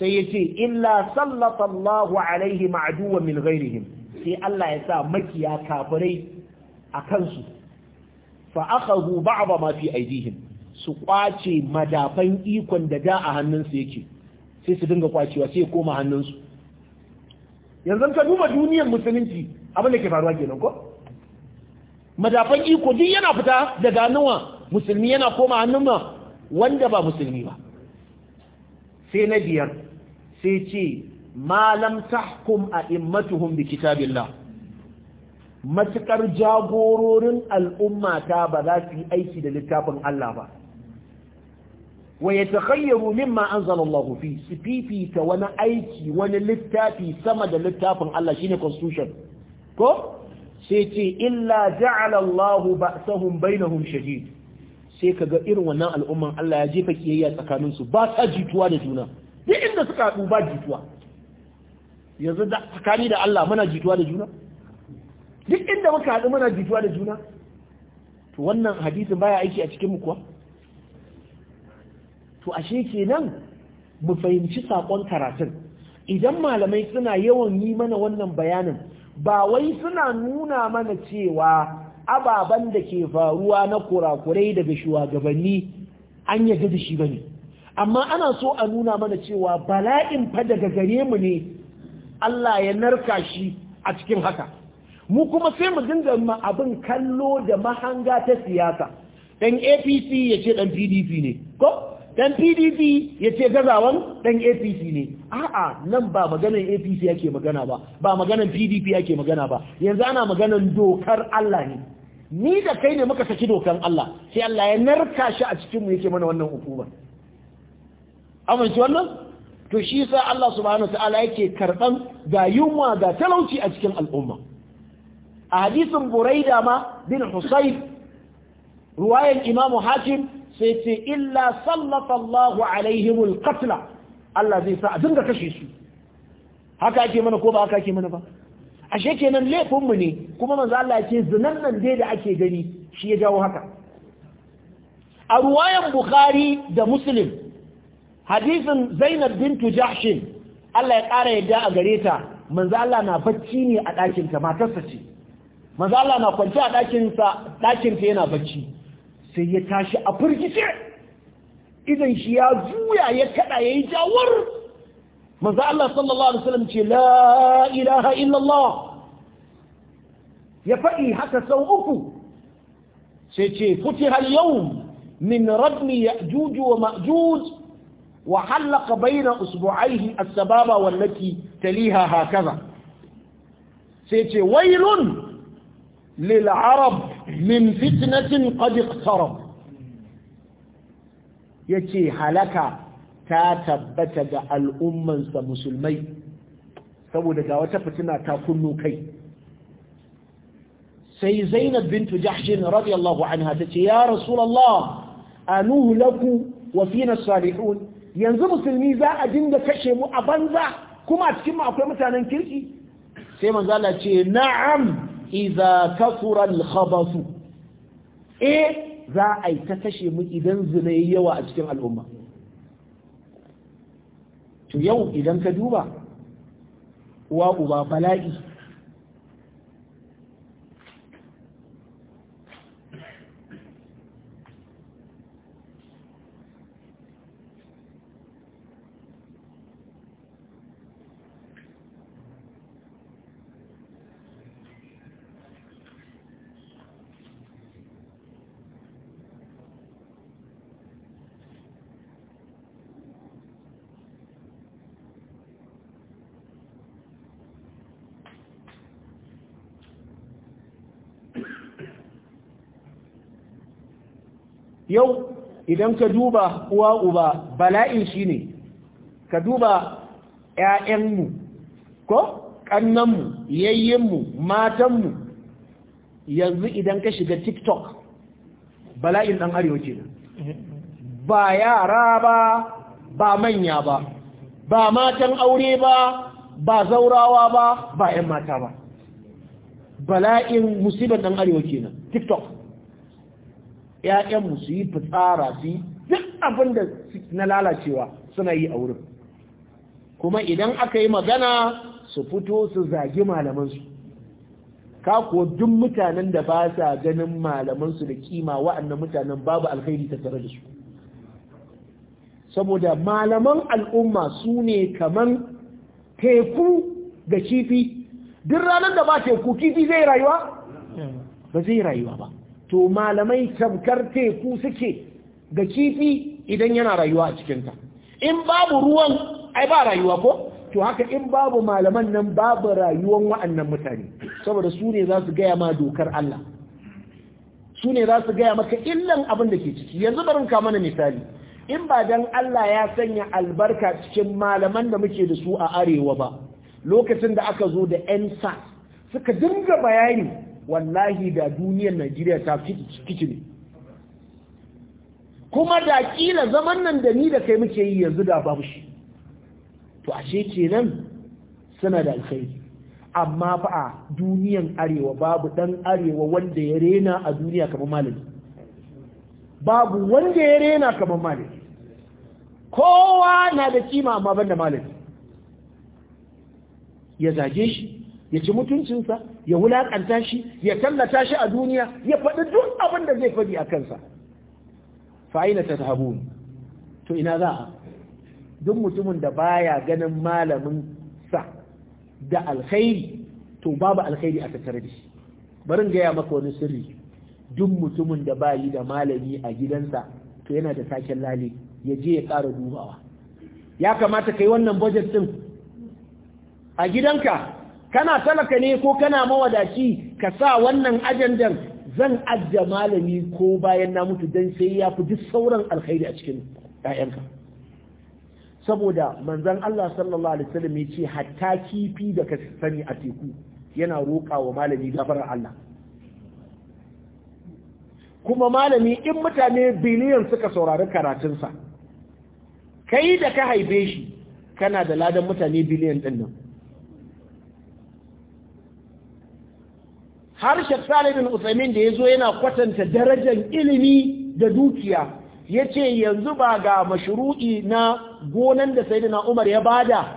sai yace illa sallallahu alaihi ma'duwan min ghairihim sai Allah ya sa makiya kafirai a kansu fa akhadhu ba'd ma fi aidihim su kwace madafan ikon da da a hannunsu yake sai su dinga kwacewa sai koma hannunsu yanzu ka duba duniyar musulunci abin da ke faruwa kenan ko madafan iko duk yana fita daga hannunwa musulmi yana koma hannunwa wanda ba musulmi ba sai na biyar sai ce malam tahkum a immatuhum bi kitabillah matukar jagororin al'umma ta ba za su yi aiki da littafin Allah ba wa yatakhayyaru mimma an Allah fi su fifita wani aiki wani littafi sama da littafin Allah shine constitution ko sai ce illa ja'ala Allah ba'sahum bainahum shadid sai kaga irin wannan al'umman Allah ya jefa kiyayya tsakanin su ba ta jituwa da juna duk inda suka haɗu ba jituwa yanzu da tsakani da Allah muna jituwa da juna duk inda muka haɗu muna jituwa da juna to wannan hadisin baya aiki a cikin mu kuwa to ashe kenan mu fahimci sakon karatun idan malamai suna yawan yi mana wannan bayanin ba wai suna nuna mana cewa ababen da ke faruwa na kurakurai daga shugabanni an yarda da shi bane amma ana so a nuna mana cewa bala'in fa daga gare mu ne Allah ya narka shi a cikin haka mu kuma sai mu dinga abin kallo da mahanga ta siyasa dan APC ya ce dan PDP ne ko dan pdp ya ce gazawan dan apc ne a'a nan ba maganan apc yake magana ba ba maganan pdp yake magana ba yanzu ana maganan dokar allah ne ni da kai ne muka saki dokan allah sai allah ya narka shi a cikinmu yake mana wannan hukuma amince wannan to shi sa allah subhanahu wa ta'ala yake karban ga yunwa ga talauci a cikin al'umma a hadisin buraida ma bin husayb ruwayan imamu hakim sai ce illa sallallahu alaihimul katla Allah zai sa a dinga kashe su haka ake mana ko ba haka ake mana ba ashe kenan laifin mu ne kuma manzo Allah ya ce zinan nan dai da ake gani shi ya jawo haka a ruwayan bukhari da muslim hadisin zainab bintu jahshin Allah ya ƙara yadda a gare ta manzo Allah na bacci ne a ɗakin ta matarsa ce manzo Allah na kwance a ɗakin sa ɗakin ta yana bacci sai ya tashi a firgice idan shi ya juya ya kada ya yi jawar manzo Allah sallallahu alaihi wasallam ce la ilaha illallah ya faɗi haka sau uku sai ce futiha al-yawm min radmi ya wa ma'juj wa halaqa bayna usbu'aihi as-sababa wallati taliha hakaza sai ce wailun lil'arab min fitnatin qad iqtarab yace halaka ta tabbata ga al'ummansa musulmai saboda ga wata fitina ta kunno kai sai Zainab bintu Jahshin radiyallahu anha tace ya Rasulullah anuhu laku wa fina salihun yanzu musulmi za a dinga kashe mu a banza kuma a cikin mu akwai mutanen kirki sai manzo Allah ce na'am iza kasuran khabasu eh za a yi ta kashe mu idan zina yi yawa a cikin al'umma to yau idan ka duba wa uba bala'i yau idan ka duba uwa uba bala'in shi ne, ka duba 'ya'yanmu ko ƙannanmu yayyenmu matanmu yanzu idan ka shiga tiktok bala'in ɗan arewa ke ba yara ba ba manya ba ba matan aure ba ba zaurawa ba ba 'yan mata ba bala'in musibin ɗan arewa kenan tiktok ‘ya'yanmu su yi fitsara su yi duk abin da na lalacewa suna yi a wurin kuma idan aka yi magana su fito su zagi malamansu ka kuwa duk mutanen da ba sa ganin malamansu da kima wa'annan mutanen babu alkhairi ta tare da su saboda malaman al'umma su ne kaman teku da kifi duk ranar da ba teku kifi zai rayuwa hmm. ba zai rayuwa ba to malamai tabkar teku suke ga kifi idan yana rayuwa a cikinta in babu ruwan ai ba rayuwa ko to haka in babu malaman nan babu rayuwan wa'annan mutane saboda su ne za su gaya ma dokar Allah su ne za su gaya maka illan abin da ke ciki yanzu barin ka mana misali in ba dan Allah ya sanya albarka cikin malaman da muke da su a arewa ba lokacin da aka zo da ensa suka dinga bayani wallahi da duniyar Najeriya ta fi kicin kuma da kila zaman nan da ni da kai muke yi yanzu da babu shi to ashe kenan suna da alkhairi amma fa a duniyan arewa babu dan arewa wanda ya rena a duniya kamar malami babu wanda ya rena kamar malami kowa na da kima amma banda malami ya zage shi ya ci mutuncinsa ya wulakanta shi ya tallata shi a duniya ya faɗi duk abin da zai faɗi a kansa fa'ina ta tahabu to ina za a duk mutumin da baya ganin malamin sa da alkhairi to babu alkhairi a tattare da shi barin gaya maka wani sirri duk mutumin da bayi da malami a gidansa to yana da taken lale ya je ya ƙara dubawa ya kamata yi wannan budget din a gidanka kana talaka ne ko kana mawadaci ka sa wannan ajandan zan ajja malami ko bayan na mutu dan sai ya fi duk sauran alkhairi a cikin ƴaƴanka saboda manzon Allah sallallahu alaihi wasallam ya ce hatta kifi da ka sani a teku yana roƙa wa malami gafarar Allah kuma malami in mutane biliyan suka saurari karatunsa kai da ka haife shi kana da ladan mutane biliyan ɗin nan har Sheikh Salih da ya zo zo yana kwatanta darajar ilimi da dukiya ya ce yanzu ba ga mashru'i na gonan da na Umar ya bada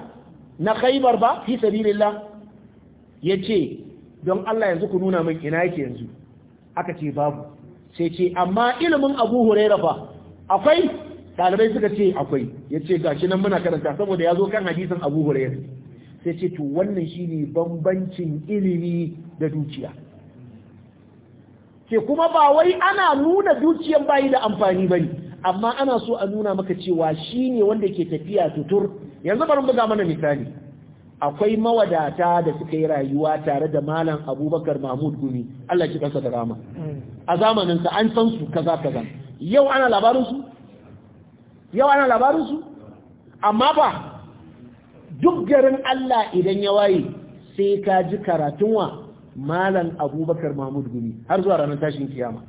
na khaibar ba fi ya ce don Allah yanzu ku nuna min ina yake yanzu aka ce babu sai ce amma ilimin Abu huraira fa akwai talibai suka ce akwai ya yace gashi nan muna karanta saboda ya zo kan hadisan Abu huraira sai ce to wannan shine bambancin ilimi da dukiya ke kuma ba wai ana nuna dukiyan bayi da amfani bane amma ana so a nuna maka cewa shi ne wanda ke tafiya tutur yanzu bari buga mana misali akwai mawadata da suka yi rayuwa tare da malam abubakar mahmud gumi Allah ki kasa da rama a zamaninsa an san su kaza kaza yau ana labarin su yau ana labarin su amma ba duk garin Allah idan ya waye sai ka ji karatun wa malam abubakar mahmud gumi har zuwa ranar tashin kiyama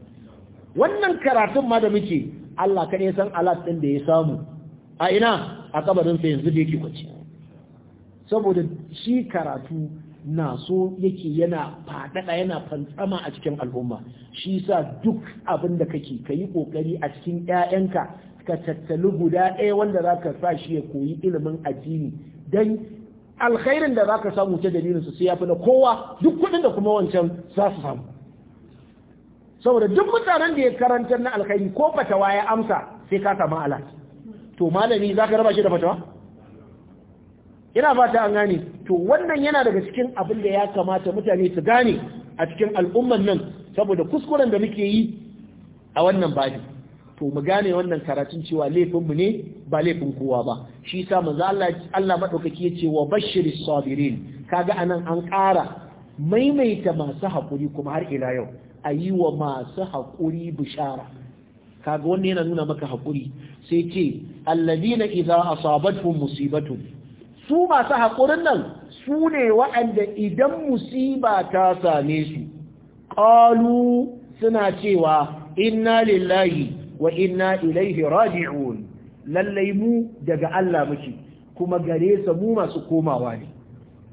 wannan karatun ma da muke Allah kaɗai san alat ɗin da ya samu a ina a kabarinsa yanzu da yake kwace saboda shi karatu na so yake yana faɗaɗa yana fantsama a cikin al'umma shi sa duk abin da kake ka yi ƙoƙari a cikin 'ya'yanka ka tattali guda ɗaya wanda za ka sa shi ya koyi ilimin addini don alkhairin da za ka samu ta dalilinsu sai ya fi na kowa duk kuɗin da kuma wancan za su samu saboda duk mutanen da ya karantar na alkhairi ko fatawa ya amsa sai ka samu ala to malami za ka raba shi da fatawa ina fata an gane to wannan yana daga cikin abin da ya kamata mutane su gane a cikin al'umman nan saboda kuskuren da muke yi a wannan bajin to mu gane wannan karatun cewa laifinmu ne ba laifin kowa ba shi yasa manzo Allah Allah madaukaki yace wa bashiris sabirin kaga anan an ƙara maimaita masu hakuri kuma har ila yau ayi wa masu haƙuri bishara kaga wannan yana nuna maka hakuri sai ce alladina idza asabatuhum musibatu su masu haƙurin nan su ne waɗanda idan musiba ta same su qalu suna cewa inna lillahi wa inna ilaihi raji'un lallai mu daga Allah muke kuma gare sa mu masu komawa ne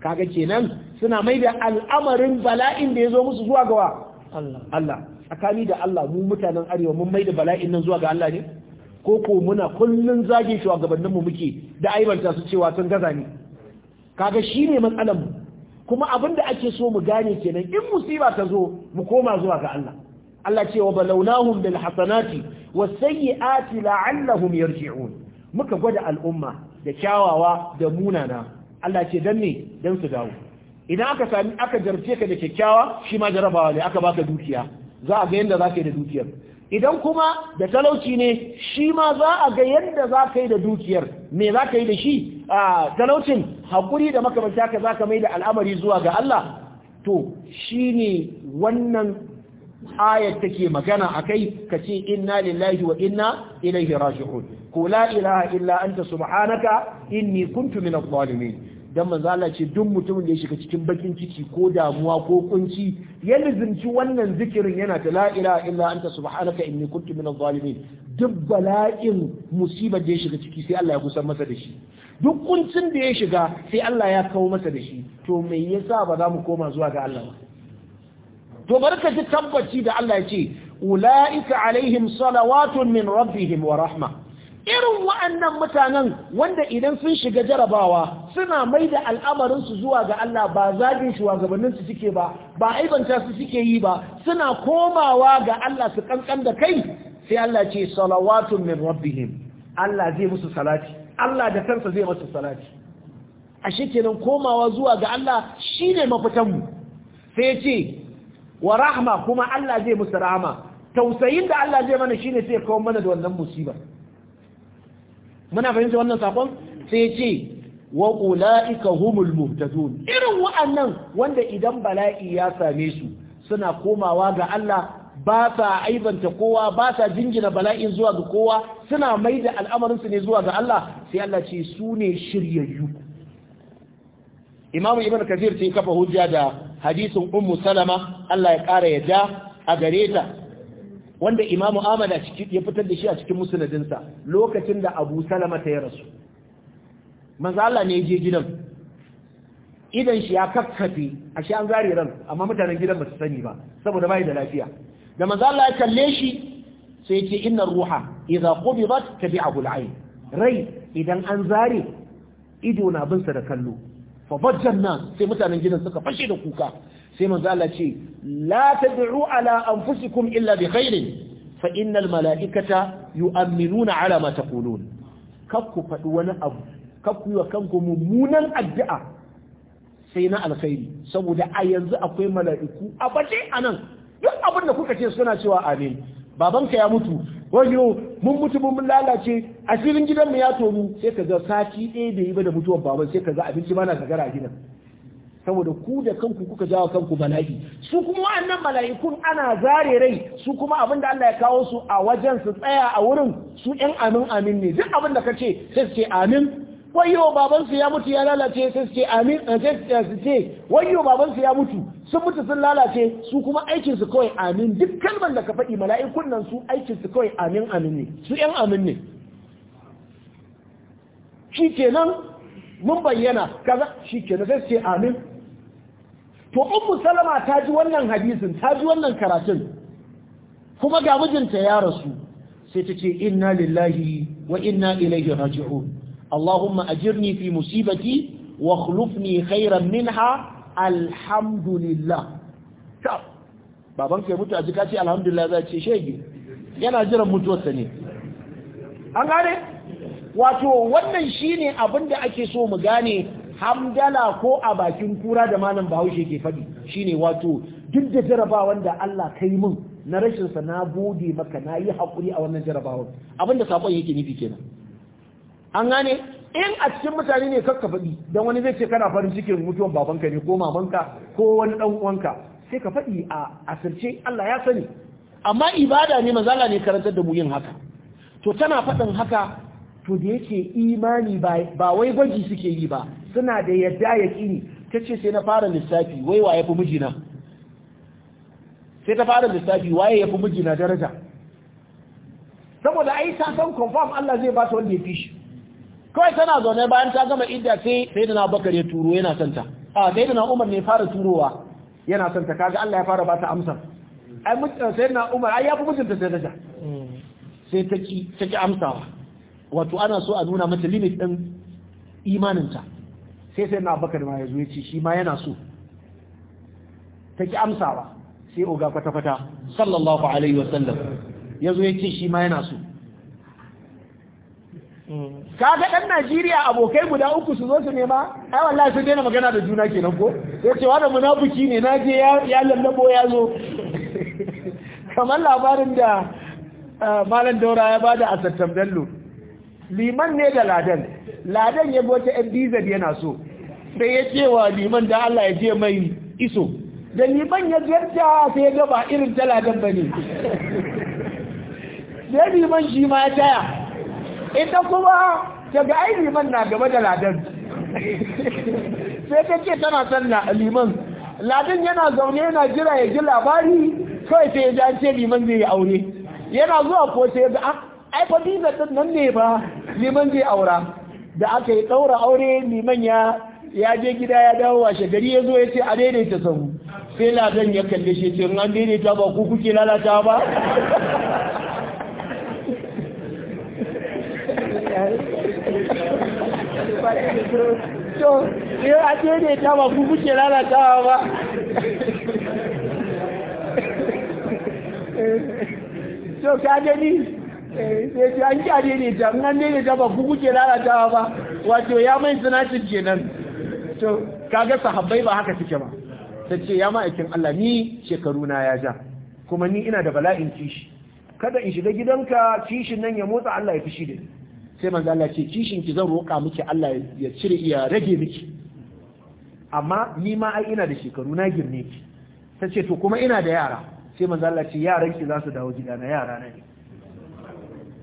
kaga kenan suna mai da al'amarin bala'in da ya zo musu zuwa gawa Allah Allah tsakani da Allah mu mutanen arewa mun mai da bala'in nan zuwa ga Allah ne ko ko muna kullun zage mu muke da aibanta su cewa sun gaza ne kaga shine matsalar mu kuma abin da ake so mu gane kenan in musiba ta zo mu koma zuwa ga Allah Allah ce wa balawnahum bil hasanati was sayyiati la'allahum yarji'un muka gwada al'umma da kyawawa da munana Allah ce dan ne dan su dawo idan aka sami aka jarce ka da kyakkyawa shi ma jarabawa ne aka baka dukiya za a ga yanda za ka yi da dukiyar idan kuma da talauci ne shi ma za a ga yadda za ka yi da dukiyar me za ka yi da shi a talaucin haƙuri da makamanta ka za ka mai da al'amari zuwa ga Allah to shi ne wannan ayat take magana akai kace inna lillahi wa inna ilaihi raji'un ko ilaha illa anta subhanaka inni kuntu minadh zalimin dan manzo Allah ce duk mutumin da ya shiga cikin bakin ciki ko damuwa ko kunci ya lizinci wannan zikirin yana ta la ilaha illa anta subhanaka inni kuntu minadh zalimin duk bala'in musibar da ya shiga ciki sai Allah ya kusan masa da shi duk kuncin da ya shiga sai Allah ya kawo masa da shi to me yasa ba za mu koma zuwa ga Allah ba to barka ji tabbaci da Allah ya ce ula'ika alaihim salawatun min rabbihim wa rahma irin wa'annan mutanen wanda idan sun shiga jarabawa suna mai da al'amarinsu zuwa ga Allah ba zagin shugabanninsu suke ba ba aibanta su suke yi ba suna komawa ga Allah su kankan da kai sai Allah ce salawatun min rabbihim Allah zai musu salati Allah da kansa zai musu salati ashe kenan komawa zuwa ga Allah Shi mafitan mu sai ce wa rahma kuma Allah zai musu rahama tausayin da Allah zai mana shine sai kawo mana da wannan musiba muna fahimta wannan sakon sai ce wa ulaika humul muhtadun irin wa'annan wanda idan bala'i ya same su suna komawa ga Allah ba sa aibanta kowa ba sa jingina bala'in zuwa ga kowa suna mai da al'amarinsu ne zuwa ga Allah sai Allah ce su ne shiryayyu Imam ibn kathir sai kafa hujja da hadisin ummu salama Allah ya ƙara ya ja a gare ta wanda imamu ahmad ya fitar da shi a cikin musnadinsa lokacin da abu salama ta ya rasu manzo Allah ne ya je gidan idan shi ya kakkafe a shi an zare ran amma mutanen gidan ba su sani ba saboda bai da lafiya da manzo Allah ya kalle shi sai ya ce inna ruha idza qubidat tabi'ahu al-ayn rai idan an zare ido na bin sa da kallo fa nan sai mutanen gidan suka fashe da kuka sai manzo Allah ce la tad'u ala anfusikum illa bi khairin fa innal malaikata yu'minuna ala ma taqulun kakku fadi wani abu kakku yi wa kanku mummunan addu'a sai na alkhairi saboda a yanzu akwai mala'iku a bace anan duk abin da kuka ce suna cewa amin babanka ya mutu wayo mun mutu mun lalace a gidan mu ya tonu sai ka ga sati ɗaya da yi ba da mutuwar baban sai ka ga abinci bana ka a gidan saboda ku da kanku kuka jawo kanku bala'i su kuma wa'annan mala'ikun ana zare rai su kuma abin da Allah ya kawo su a wajen su tsaya a wurin su ɗan amin amin ne duk abin da ka ce sai ce amin wayo babansu ya mutu ya lalace sai su ce amin eh, su ce wayo babansu ya mutu sun mutu sun lalace su kuma aikin su kawai amin duk kalmar da ka faɗi mala'ikun nan su aikin su kawai amin amin ne su yan amin ne shi kenan mun bayyana kaza shi kenan sai suke amin to ummu salama ta ji wannan hadisin ta ji wannan karatun kuma ga mijinta ya rasu sai ta ce inna lillahi wa inna ilaihi raji'un Allahumma ajirni fi musibati wa khulufni khairan minha alhamdulillah ta ya mutu a jika ce alhamdulillah za ce yana jiran mutuwarsa ne an gane wato wannan shine abin da ake so mu gane hamdala ko a bakin kura da malam bahaushe ke faɗi shine wato duk da jarabawan da Allah kai min na rashinsa na gode maka na yi haƙuri a wannan jarabawar abinda sakon yake nufi kenan an gane in a cikin mutane ne kakka faɗi don wani zai ce kana farin cikin mutuwan babanka ne ko mamanka ko wani ɗan uwanka sai ka faɗi a asirce Allah ya sani amma ibada ne mazala ne karantar da mu yin haka to tana faɗin haka to da yake imani ba wai gwaji suke yi ba suna da yadda ya kini ta ce sai na fara lissafi wai wa ya fi mijina sai ta fara lissafi waye ya fi mijina daraja saboda ai ta san confirm Allah zai ba ta wanda ya fi shi kawai tana zaune bayan ta gama idda sai sai da na bakar ya turo yana santa a sai da na umar ne fara turowa yana santa kaga Allah ya fara ba ta amsa ai eh, sai da na umar ai ya fi mutunta sai daga sai ta ki ta ki amsawa wato ana so a nuna mata limit din imaninta sai sai na bakar ma ya zo ya ci shi ma yana so ta ki amsawa sai oga kwata-kwata sallallahu alaihi wasallam ya zo ya ci shi ma yana so kaga dan Najeriya abokai guda uku su zo su nema ai wallahi sun daina magana da juna kenan ko sai ce wannan munafiki ne na je ya lallabo ya zo kamar labarin da eh, malam Daura ya bada a Sattam Bello liman ne da ladan ladan ya bota ɗan dizar yana so sai ya ce wa liman da Allah ya je mai iso da liman ya jarta sai ya ga ba irin talagan bane da liman shi ma ya taya ita kuma daga ai liman na gaba da ladan sai ta ce tana son liman ladan yana zaune yana jira ya ji labari kawai sai ya ji an ce liman zai aure yana zuwa ko sai ya ga ah, ai fa nan ne ba liman zai aura da aka yi ɗaura aure liman ya je gida ya dawo washe gari ya zo ya ce a daidaita sahu sai ladan ya kalle shi ce an daidaita ba ku kuke lalata ba to yau a ce ne ta ba lalatawa ba to ka gani eh, an ne an ne ba lalatawa ba wato ya mai sinacin kenan to kaga sahabbai ba haka suke ba ta ce ya ma'aikin Allah ni shekaru na ya ja kuma ni ina da bala'in kishi kada in shiga gidanka kishin nan ya motsa Allah ya shi da ni sai manzo Allah ce kishin ki zan roƙa miki Allah ya cire iya rage miki amma ni ma ai ina da shekaru na girme ki tace to kuma ina da yara sai manzo Allah ce yaran ki za su dawo gida na yara na ne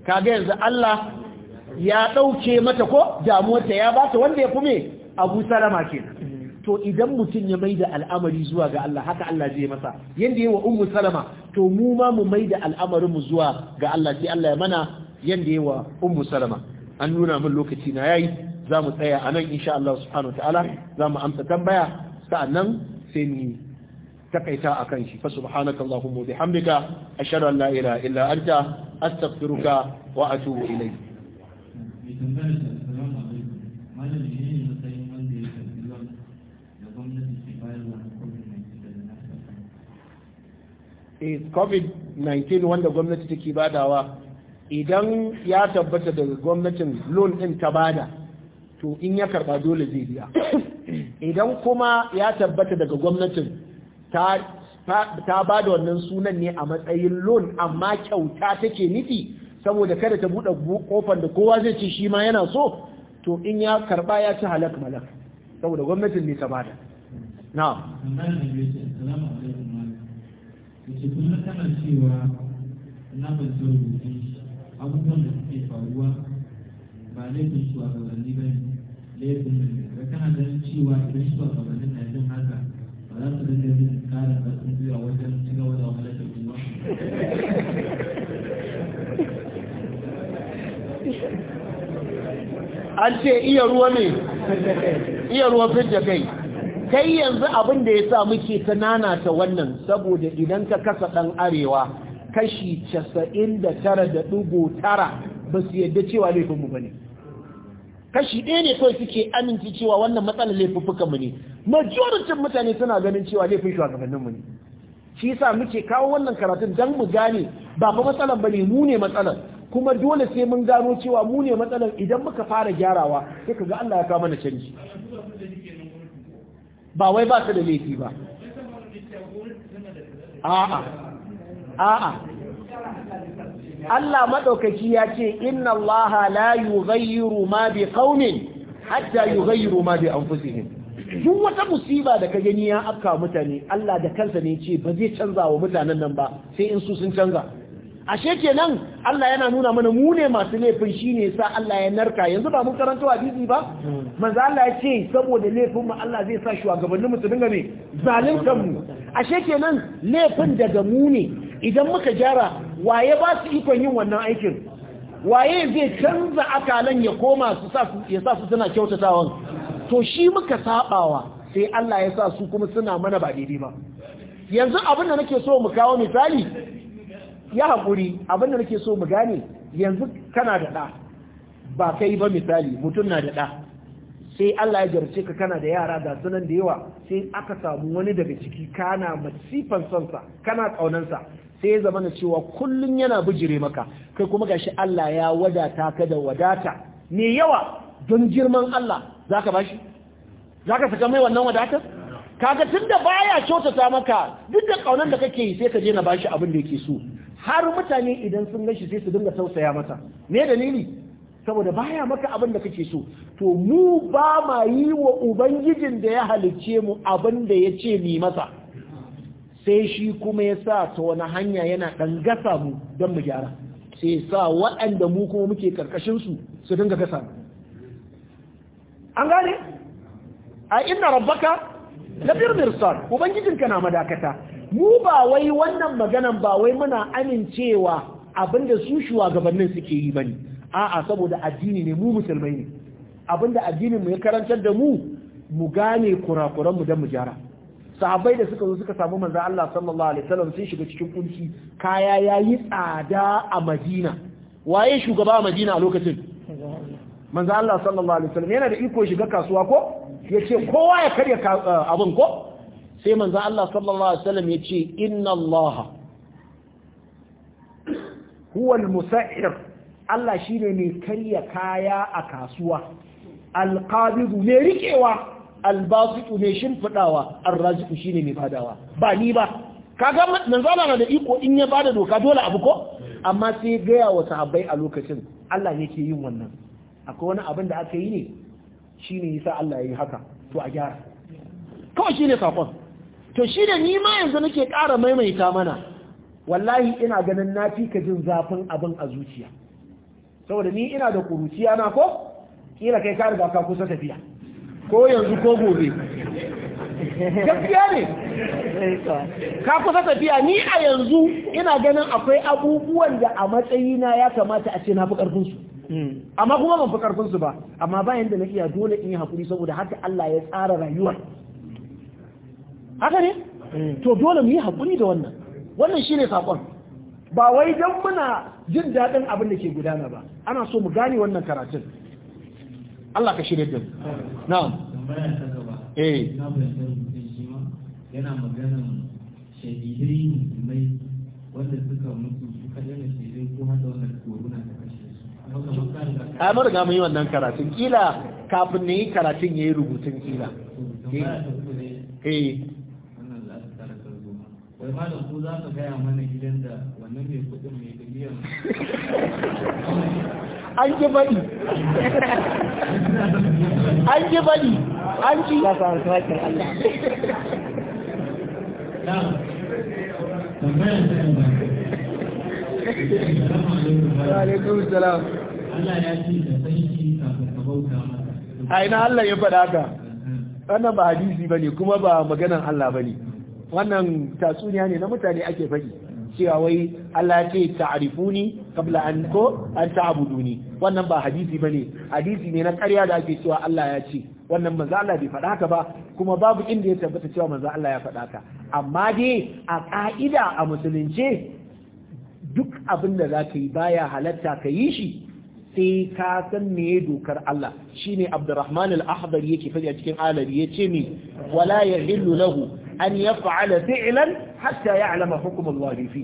kaga yanzu Allah ya dauke mata ko damuwar ta ya ba ta wanda ya kume Abu Salama kenan to idan mutum ya maida al'amari zuwa ga Allah haka Allah zai masa yanda yawa Ummu Salama to mu ma mu maida al'amarin mu zuwa ga Allah sai Allah ya mana yanda yawa ummu salama an nuna min lokaci na yayi za mu tsaya a nan insha Allah subhanahu ta'ala za mu amsa tambaya sa'annan sai ni takaita a kan shi fa subhanaka allahumma bihamdika ashhadu an la ilaha illa anta astaghfiruka wa atubu ilayk eh, covid-19 wanda gwamnati take badawa idan ya tabbata daga gwamnatin loan din ta bada to in ya karba dole zai biya idan kuma ya tabbata daga gwamnatin ta ta ba wannan sunan ne a matsayin loan amma kyauta take nufi saboda kada ta buɗe kofar da kowa zai ci shi ma yana so to in ya karba ya ci halak malak saboda gwamnatin ne ta bada na cewa na ban abubuwan da suke faruwa ba laifin shugabanni ba ne laifin da kana ganin cewa idan gabanni na jin haka ba za su dinga jin da ƙarfin gwiwa wajen ci gaba da wani da kuma an ce iya ruwa ne iya ruwa fidda kai kai yanzu abin da ya sa muke ta nanata wannan saboda idan ka kasa ɗan arewa kashi casa'in da tara da dubu tara ba su yadda cewa laifinmu ba ne kashi ɗaya ne kawai suke aminci cewa wannan matsalar laifuffukanmu ne majoritin mutane suna ganin cewa laifin shugabanninmu ne shi sa muke kawo wannan karatun don mu gane ba fa matsalar ba ne mu ne matsalar kuma dole sai mun gano cewa mu ne matsalar idan muka fara gyarawa sai ka ga Allah ya kawo mana canji ba wai ba su da laifi ba a'a a'a Allah madaukaki ya ce inna Allah la yughayyiru ma bi qaumin hatta yughayyiru ma bi anfusihim duk wata musiba da ka gani ya afka mutane Allah da kansa ne ce ba zai canza wa mutanen nan ba sai in su sun canza ashe kenan Allah yana nuna mana mu ne masu laifin shine sa Allah ya narka yanzu ba mun karanta hadisi ba manzo Allah ya ce saboda laifin mu Allah zai sa shugabannin mu su dinga ne zaluntan mu ashe kenan laifin daga mu ne idan muka gyara waye ba su ikon yin wannan aikin waye zai canza akalan ya koma su ya sa su suna kyautatawan to shi muka sabawa sai Allah ya sa su kuma suna mana ba daidai ba yanzu abin da nake so mu kawo misali ya hakuri abin da nake so mu gane yanzu kana da da ba kai ba misali mutum na da da sai Allah ya jarce ka kana da yara ga sunan da yawa sai aka samu wani daga ciki kana masifan sonsa kana ƙaunansa sai ya zama cewa kullum yana bijire maka kai kuma gashi Allah ya wadata ka da wadata me yawa don girman Allah zaka bashi zaka saka mai wannan wadata kaga tunda baya kyautata maka duk da kaunar da kake yi sai ka je na bashi abin da yake so har mutane idan sun gashi sai su dinga tausaya masa me dalili saboda baya maka abin da kake so to mu ba ma yi wa ubangijin da ya halicce mu abin da ya ce ni masa sai shi kuma ya sa ta wani hanya yana ɗan gasa mu don mu gyara sai sa waɗanda mu kuma muke ƙarƙashinsu su dinga gasa mu an gane a inna rabbaka na birnirsar ubangijinka na madakata mu ba wai wannan maganan ba wai muna amincewa abinda su shugabannin suke yi ba ne. a'a saboda addini ne mu musulmai ne abinda addinin mu ya karantar da mu mu gane kurakuran mu don mu gyara sahabbai da suka zo suka samu manzo Allah sallallahu alaihi wasallam sun shiga cikin kunci kaya yayi tsada a Madina waye shugaba a Madina a lokacin manzo Allah sallallahu alaihi wasallam yana da iko shiga kasuwa ko yace kowa ya karya eh, abin ko sai manzo Allah sallallahu alaihi wasallam yace inna Allah huwa al-musa'ir Allah shine mai karya kaya a kasuwa al-qabid mai rikewa albasitu ne shimfidawa shi shine mai fadawa ba ni ba kaga za na da iko in ya bada doka dole abu ko amma sai gaya wa sahabbai a lokacin Allah yake yin wannan akwai wani abin da aka yi ne shine yasa Allah yayi haka to a gyara kawai shine sakon to shine ni ma yanzu nake ƙara maimaita mana wallahi ina ganin na fi ka jin zafin abin a zuciya saboda ni ina da kuruciya na ko kila kai ka riga ka kusa tafiya ko yanzu ko gobe gaskiya ne ka kusa tafiya ni a yanzu ina ganin akwai abubuwan da a matsayina ya kamata a ce na fi ƙarfinsu amma kuma ban fi ƙarfinsu ba amma bayan da na iya dole in yi haƙuri saboda haka Allah ya tsara rayuwar haka ne to dole mu yi haƙuri da wannan wannan shine sakon ba wai don muna jin daɗin abin da ke gudana ba ana so mu gane wannan karatun Allah ka shirya da na'am eh yana magana shahidai musulmai wanda suka mutu suka yana shahidai ko hada wannan koruna ta kashe su a mun riga mun yi wannan karatun kila kafin ne karatun yayi rubutun kila eh wai ma malam ku za ka gaya mana gidan da wannan mai kuɗin mai biliyan an ji bari an ji bari an ji ba sa alfakin Allah Allah ya a ina Allah ya faɗa ka wannan ba hadisi ba ne, kuma ba maganan Allah ba ne. wannan tatsuniya ne na mutane ake faɗi cewa wai Allah ce ta'rifuni kabla an ko an ta'buduni wannan ba hadisi bane hadisi ne na ƙarya da ake cewa Allah ya ce wannan manzo Allah bai faɗa haka ba kuma babu inda ya tabbata cewa manzo Allah ya faɗa haka amma dai a ƙa'ida a musulunce duk abin da za ka yi baya halatta ka yi shi sai ka san me dokar Allah shine Abdurrahman al-Ahdar yake faɗi a cikin alabi yace me wala yahillu lahu an yaf'ala fi'lan hatta ya'lama hukm Allah fi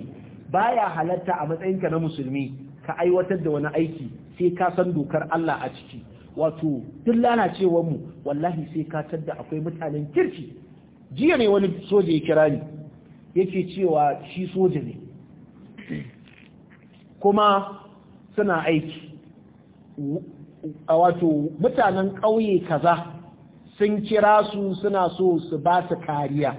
baya halatta a matsayinka na musulmi ka aiwatar da wani aiki sai ka san dokar Allah a ciki wato duk lalacewar mu wallahi sai ka tadda akwai mutanen kirki jiya ne wani soja ya kira ni yake cewa shi soja ne kuma suna aiki a wato mutanen ƙauye kaza sun kira su suna so su ba su kariya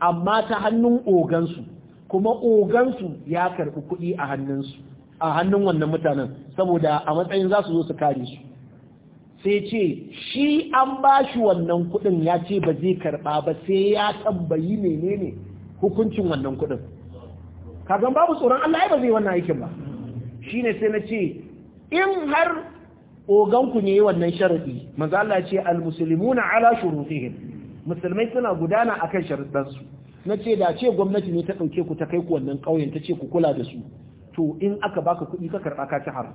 amma ta hannun ogansu kuma ogansu ya karɓi kuɗi a hannunsu a hannun wannan mutanen saboda a matsayin za su zo su kare su sai ce shi an ba shi wannan kuɗin ya ce ba zai karɓa ba sai ya tambayi menene hukuncin wannan kuɗin kagan babu tsoron Allah ya ba zai wannan aikin ba shine sai na ce in har oganku ne wannan sharadi manzo Allah ce almuslimuna ala shurutihim musulmai suna gudana akan sharuɗan su nace da ce gwamnati ne ta dauke ku ta kai ku wannan ƙauyen ta ce ku kula da su to in aka baka kuɗi ka karɓa ka ci haram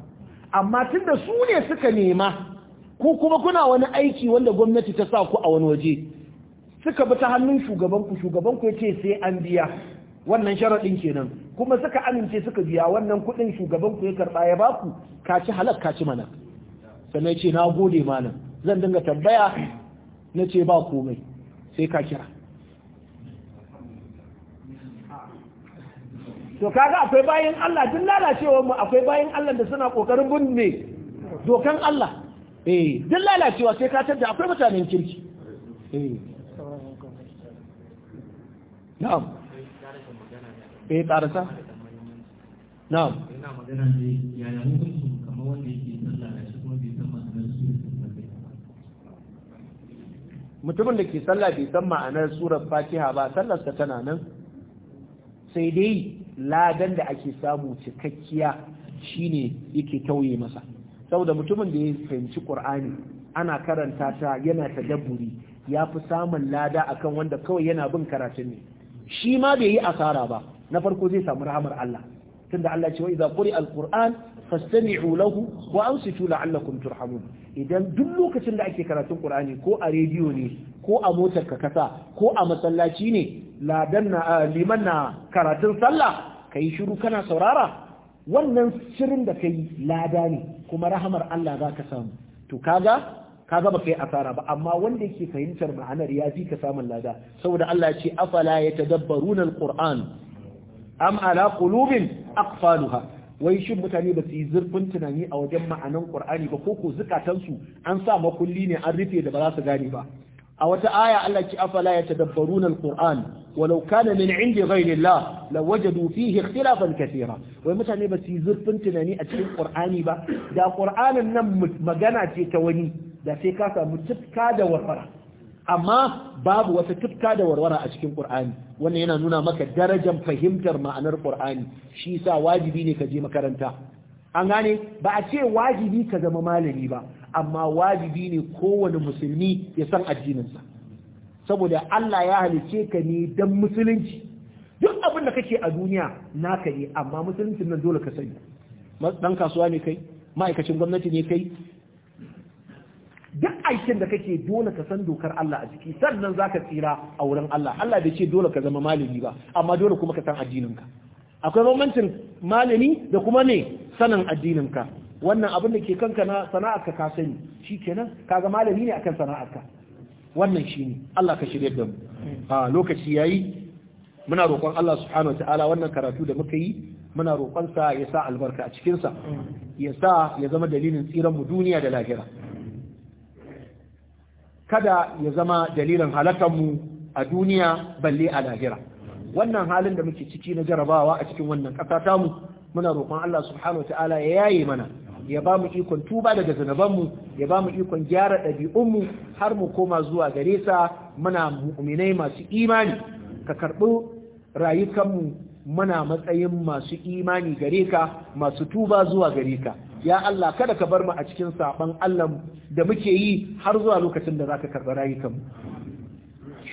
amma tunda su ne suka nema ko kuma kuna wani aiki wanda gwamnati ta sa ku a wani waje suka bi ta hannun shugaban ku shugaban ku yace sai an biya wannan sharaɗin kenan kuma suka amince suka biya wannan kuɗin shugaban ku ya karɓa ya baku ka ci halak ka ci mana sannan ce na gode malam zan dinga tambaya na ce ba komai sai ka kira to kaga akwai bayan Allah duk lalacewar mu akwai bayan Allah da suna kokarin bin ne dokan Allah eh duk lalacewa sai ka tada akwai mutanen kirki eh na'am eh karasa na'am ina magana ne yayin hukunci mutumin da ke sallah bai san ma'anar surar fatiha ba sallarsa tana nan sai dai ladan da ake samu cikakkiya shine yake tauye masa saboda mutumin da ya fahimci qur'ani ana karanta ta yana ta tadabburi ya fi samun lada akan wanda kawai yana bin karatun ne shi ma bai yi asara ba na farko zai samu rahamar Allah tunda Allah ya ce wa idza quri al-qur'an fastami'u lahu wa ansitu la'allakum turhamun idan duk lokacin da ake karatun Qur'ani ko a rediyo ne ko a motar ka kasa ko a masallaci ne ladan liman na karatun sallah kai shiru kana saurara wannan shirin da kai lada ne kuma rahamar Allah za ka samu to kaga ka gaba kai asara ba amma wanda yake fahimtar ma'anar ya fi ka samun lada saboda Allah ya ce afala yatadabbaruna alquran am ala qulubin aqfaluha wai shin mutane ba su yi zurfin tunani a wajen ma'anan qur'ani ba ko ko zukatansu an sa makulli ne an rufe da ba za su gane ba a wata aya Allah ki afala ya tadabbaruna alquran walau kana min indi ghayrillah lawajadu fihi ikhtilafan kathira wai mutane ba su yi zurfin tunani a cikin qur'ani ba da qur'anin nan magana ce ta wani da sai ka samu tufka da warfara amma babu wata tufka da warwara a cikin Qur'ani wannan yana nuna maka darajar fahimtar ma'anar Qur'ani shi sa wajibi ne ka je makaranta an gane ba a ce wajibi ka zama malami ba amma wajibi ne kowane musulmi ya san addininsa saboda Allah ya halice ka ne dan musulunci duk abin da kake a duniya naka ne amma musuluncin nan dole ka sani dan kasuwa ne kai ma'aikacin gwamnati ne kai duk aikin da kake dole ka san dokar Allah a ciki sannan zaka tsira a wurin Allah Allah bai ce dole ka zama malami ba amma dole kuma ka san ka akwai bambancin malami da kuma ne sanin addininka wannan abin da ke kanka na sana'arka ka sani shikenan ga malami ne akan sana'arka wannan shine Allah ka shirye da mu a lokaci yayi muna roƙon Allah subhanahu wataala wannan karatu da muka yi muna roƙonsa ya sa albarka a cikinsa ya sa ya zama dalilin tsiran mu duniya da lahira kada ya zama dalilin halakanmu a duniya balle a lahira wannan halin da muke ciki na jarabawa a cikin wannan ƙasa tamu muna roƙon Allah subhanahu ta'ala ya yaye mana ya ba mu ikon tuba daga zanabanmu ya ba mu ikon gyara ɗabi'unmu har mu koma zuwa gare sa muna mu'minai masu imani ka karɓi rayukanmu muna matsayin masu imani gare ka masu tuba zuwa gare ka ya Allah kada ka bar mu a cikin saban Allah da muke yi har zuwa lokacin da zaka rayukan rayukanmu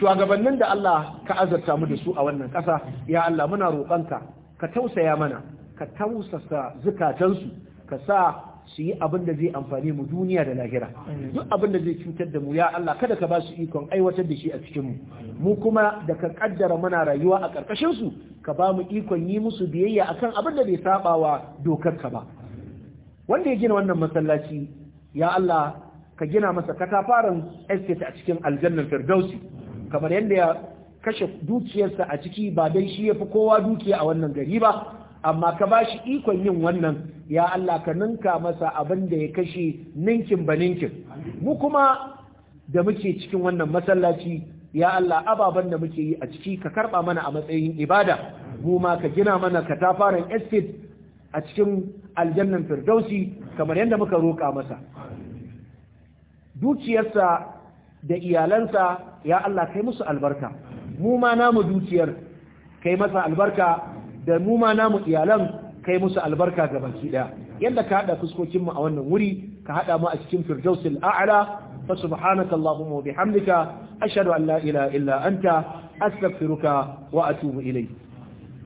shugabannin da Allah ka azarta mu da su a wannan ƙasa ya Allah muna roƙonka ka tausaya mana ka tausasa zukatansu ka sa su yi abin da zai amfani mu duniya da lahira duk abin da zai cutar da mu ya Allah kada ka ba su ikon aiwatar da shi a cikin mu mu kuma da ka kaddara muna rayuwa a ƙarƙashin su ka ba mu ikon yi musu biyayya akan abin da bai saba wa dokar ka ba wanda ya gina wannan masallaci ya Allah ka gina masa katafaren estate a cikin aljannar firdausi kamar yadda ya kashe dukiyarsa a ciki ba dai shi ya fi kowa dukiya a wannan gari ba amma ka ba shi ikon yin wannan ya Allah ka ninka masa abin da ya kashe ninkin ba ninkin mu kuma da muke cikin wannan masallaci ya Allah ababen da muke yi a ciki ka karba mana a matsayin ibada mu ma ka gina mana katafaren estate a cikin aljannan firdausi kamar yadda muka roƙa masa dukiyarsa da iyalansa ya Allah kai musu albarka mu ma namu dukiyar kai masa albarka da mu ma namu iyalan kai musu albarka ga baki daya yadda ka hada fuskokin mu a wannan wuri ka hada mu a cikin firdausil a'la fa subhanaka allahumma wa bihamdika ashhadu an la ilaha illa anta astaghfiruka wa atubu ilayk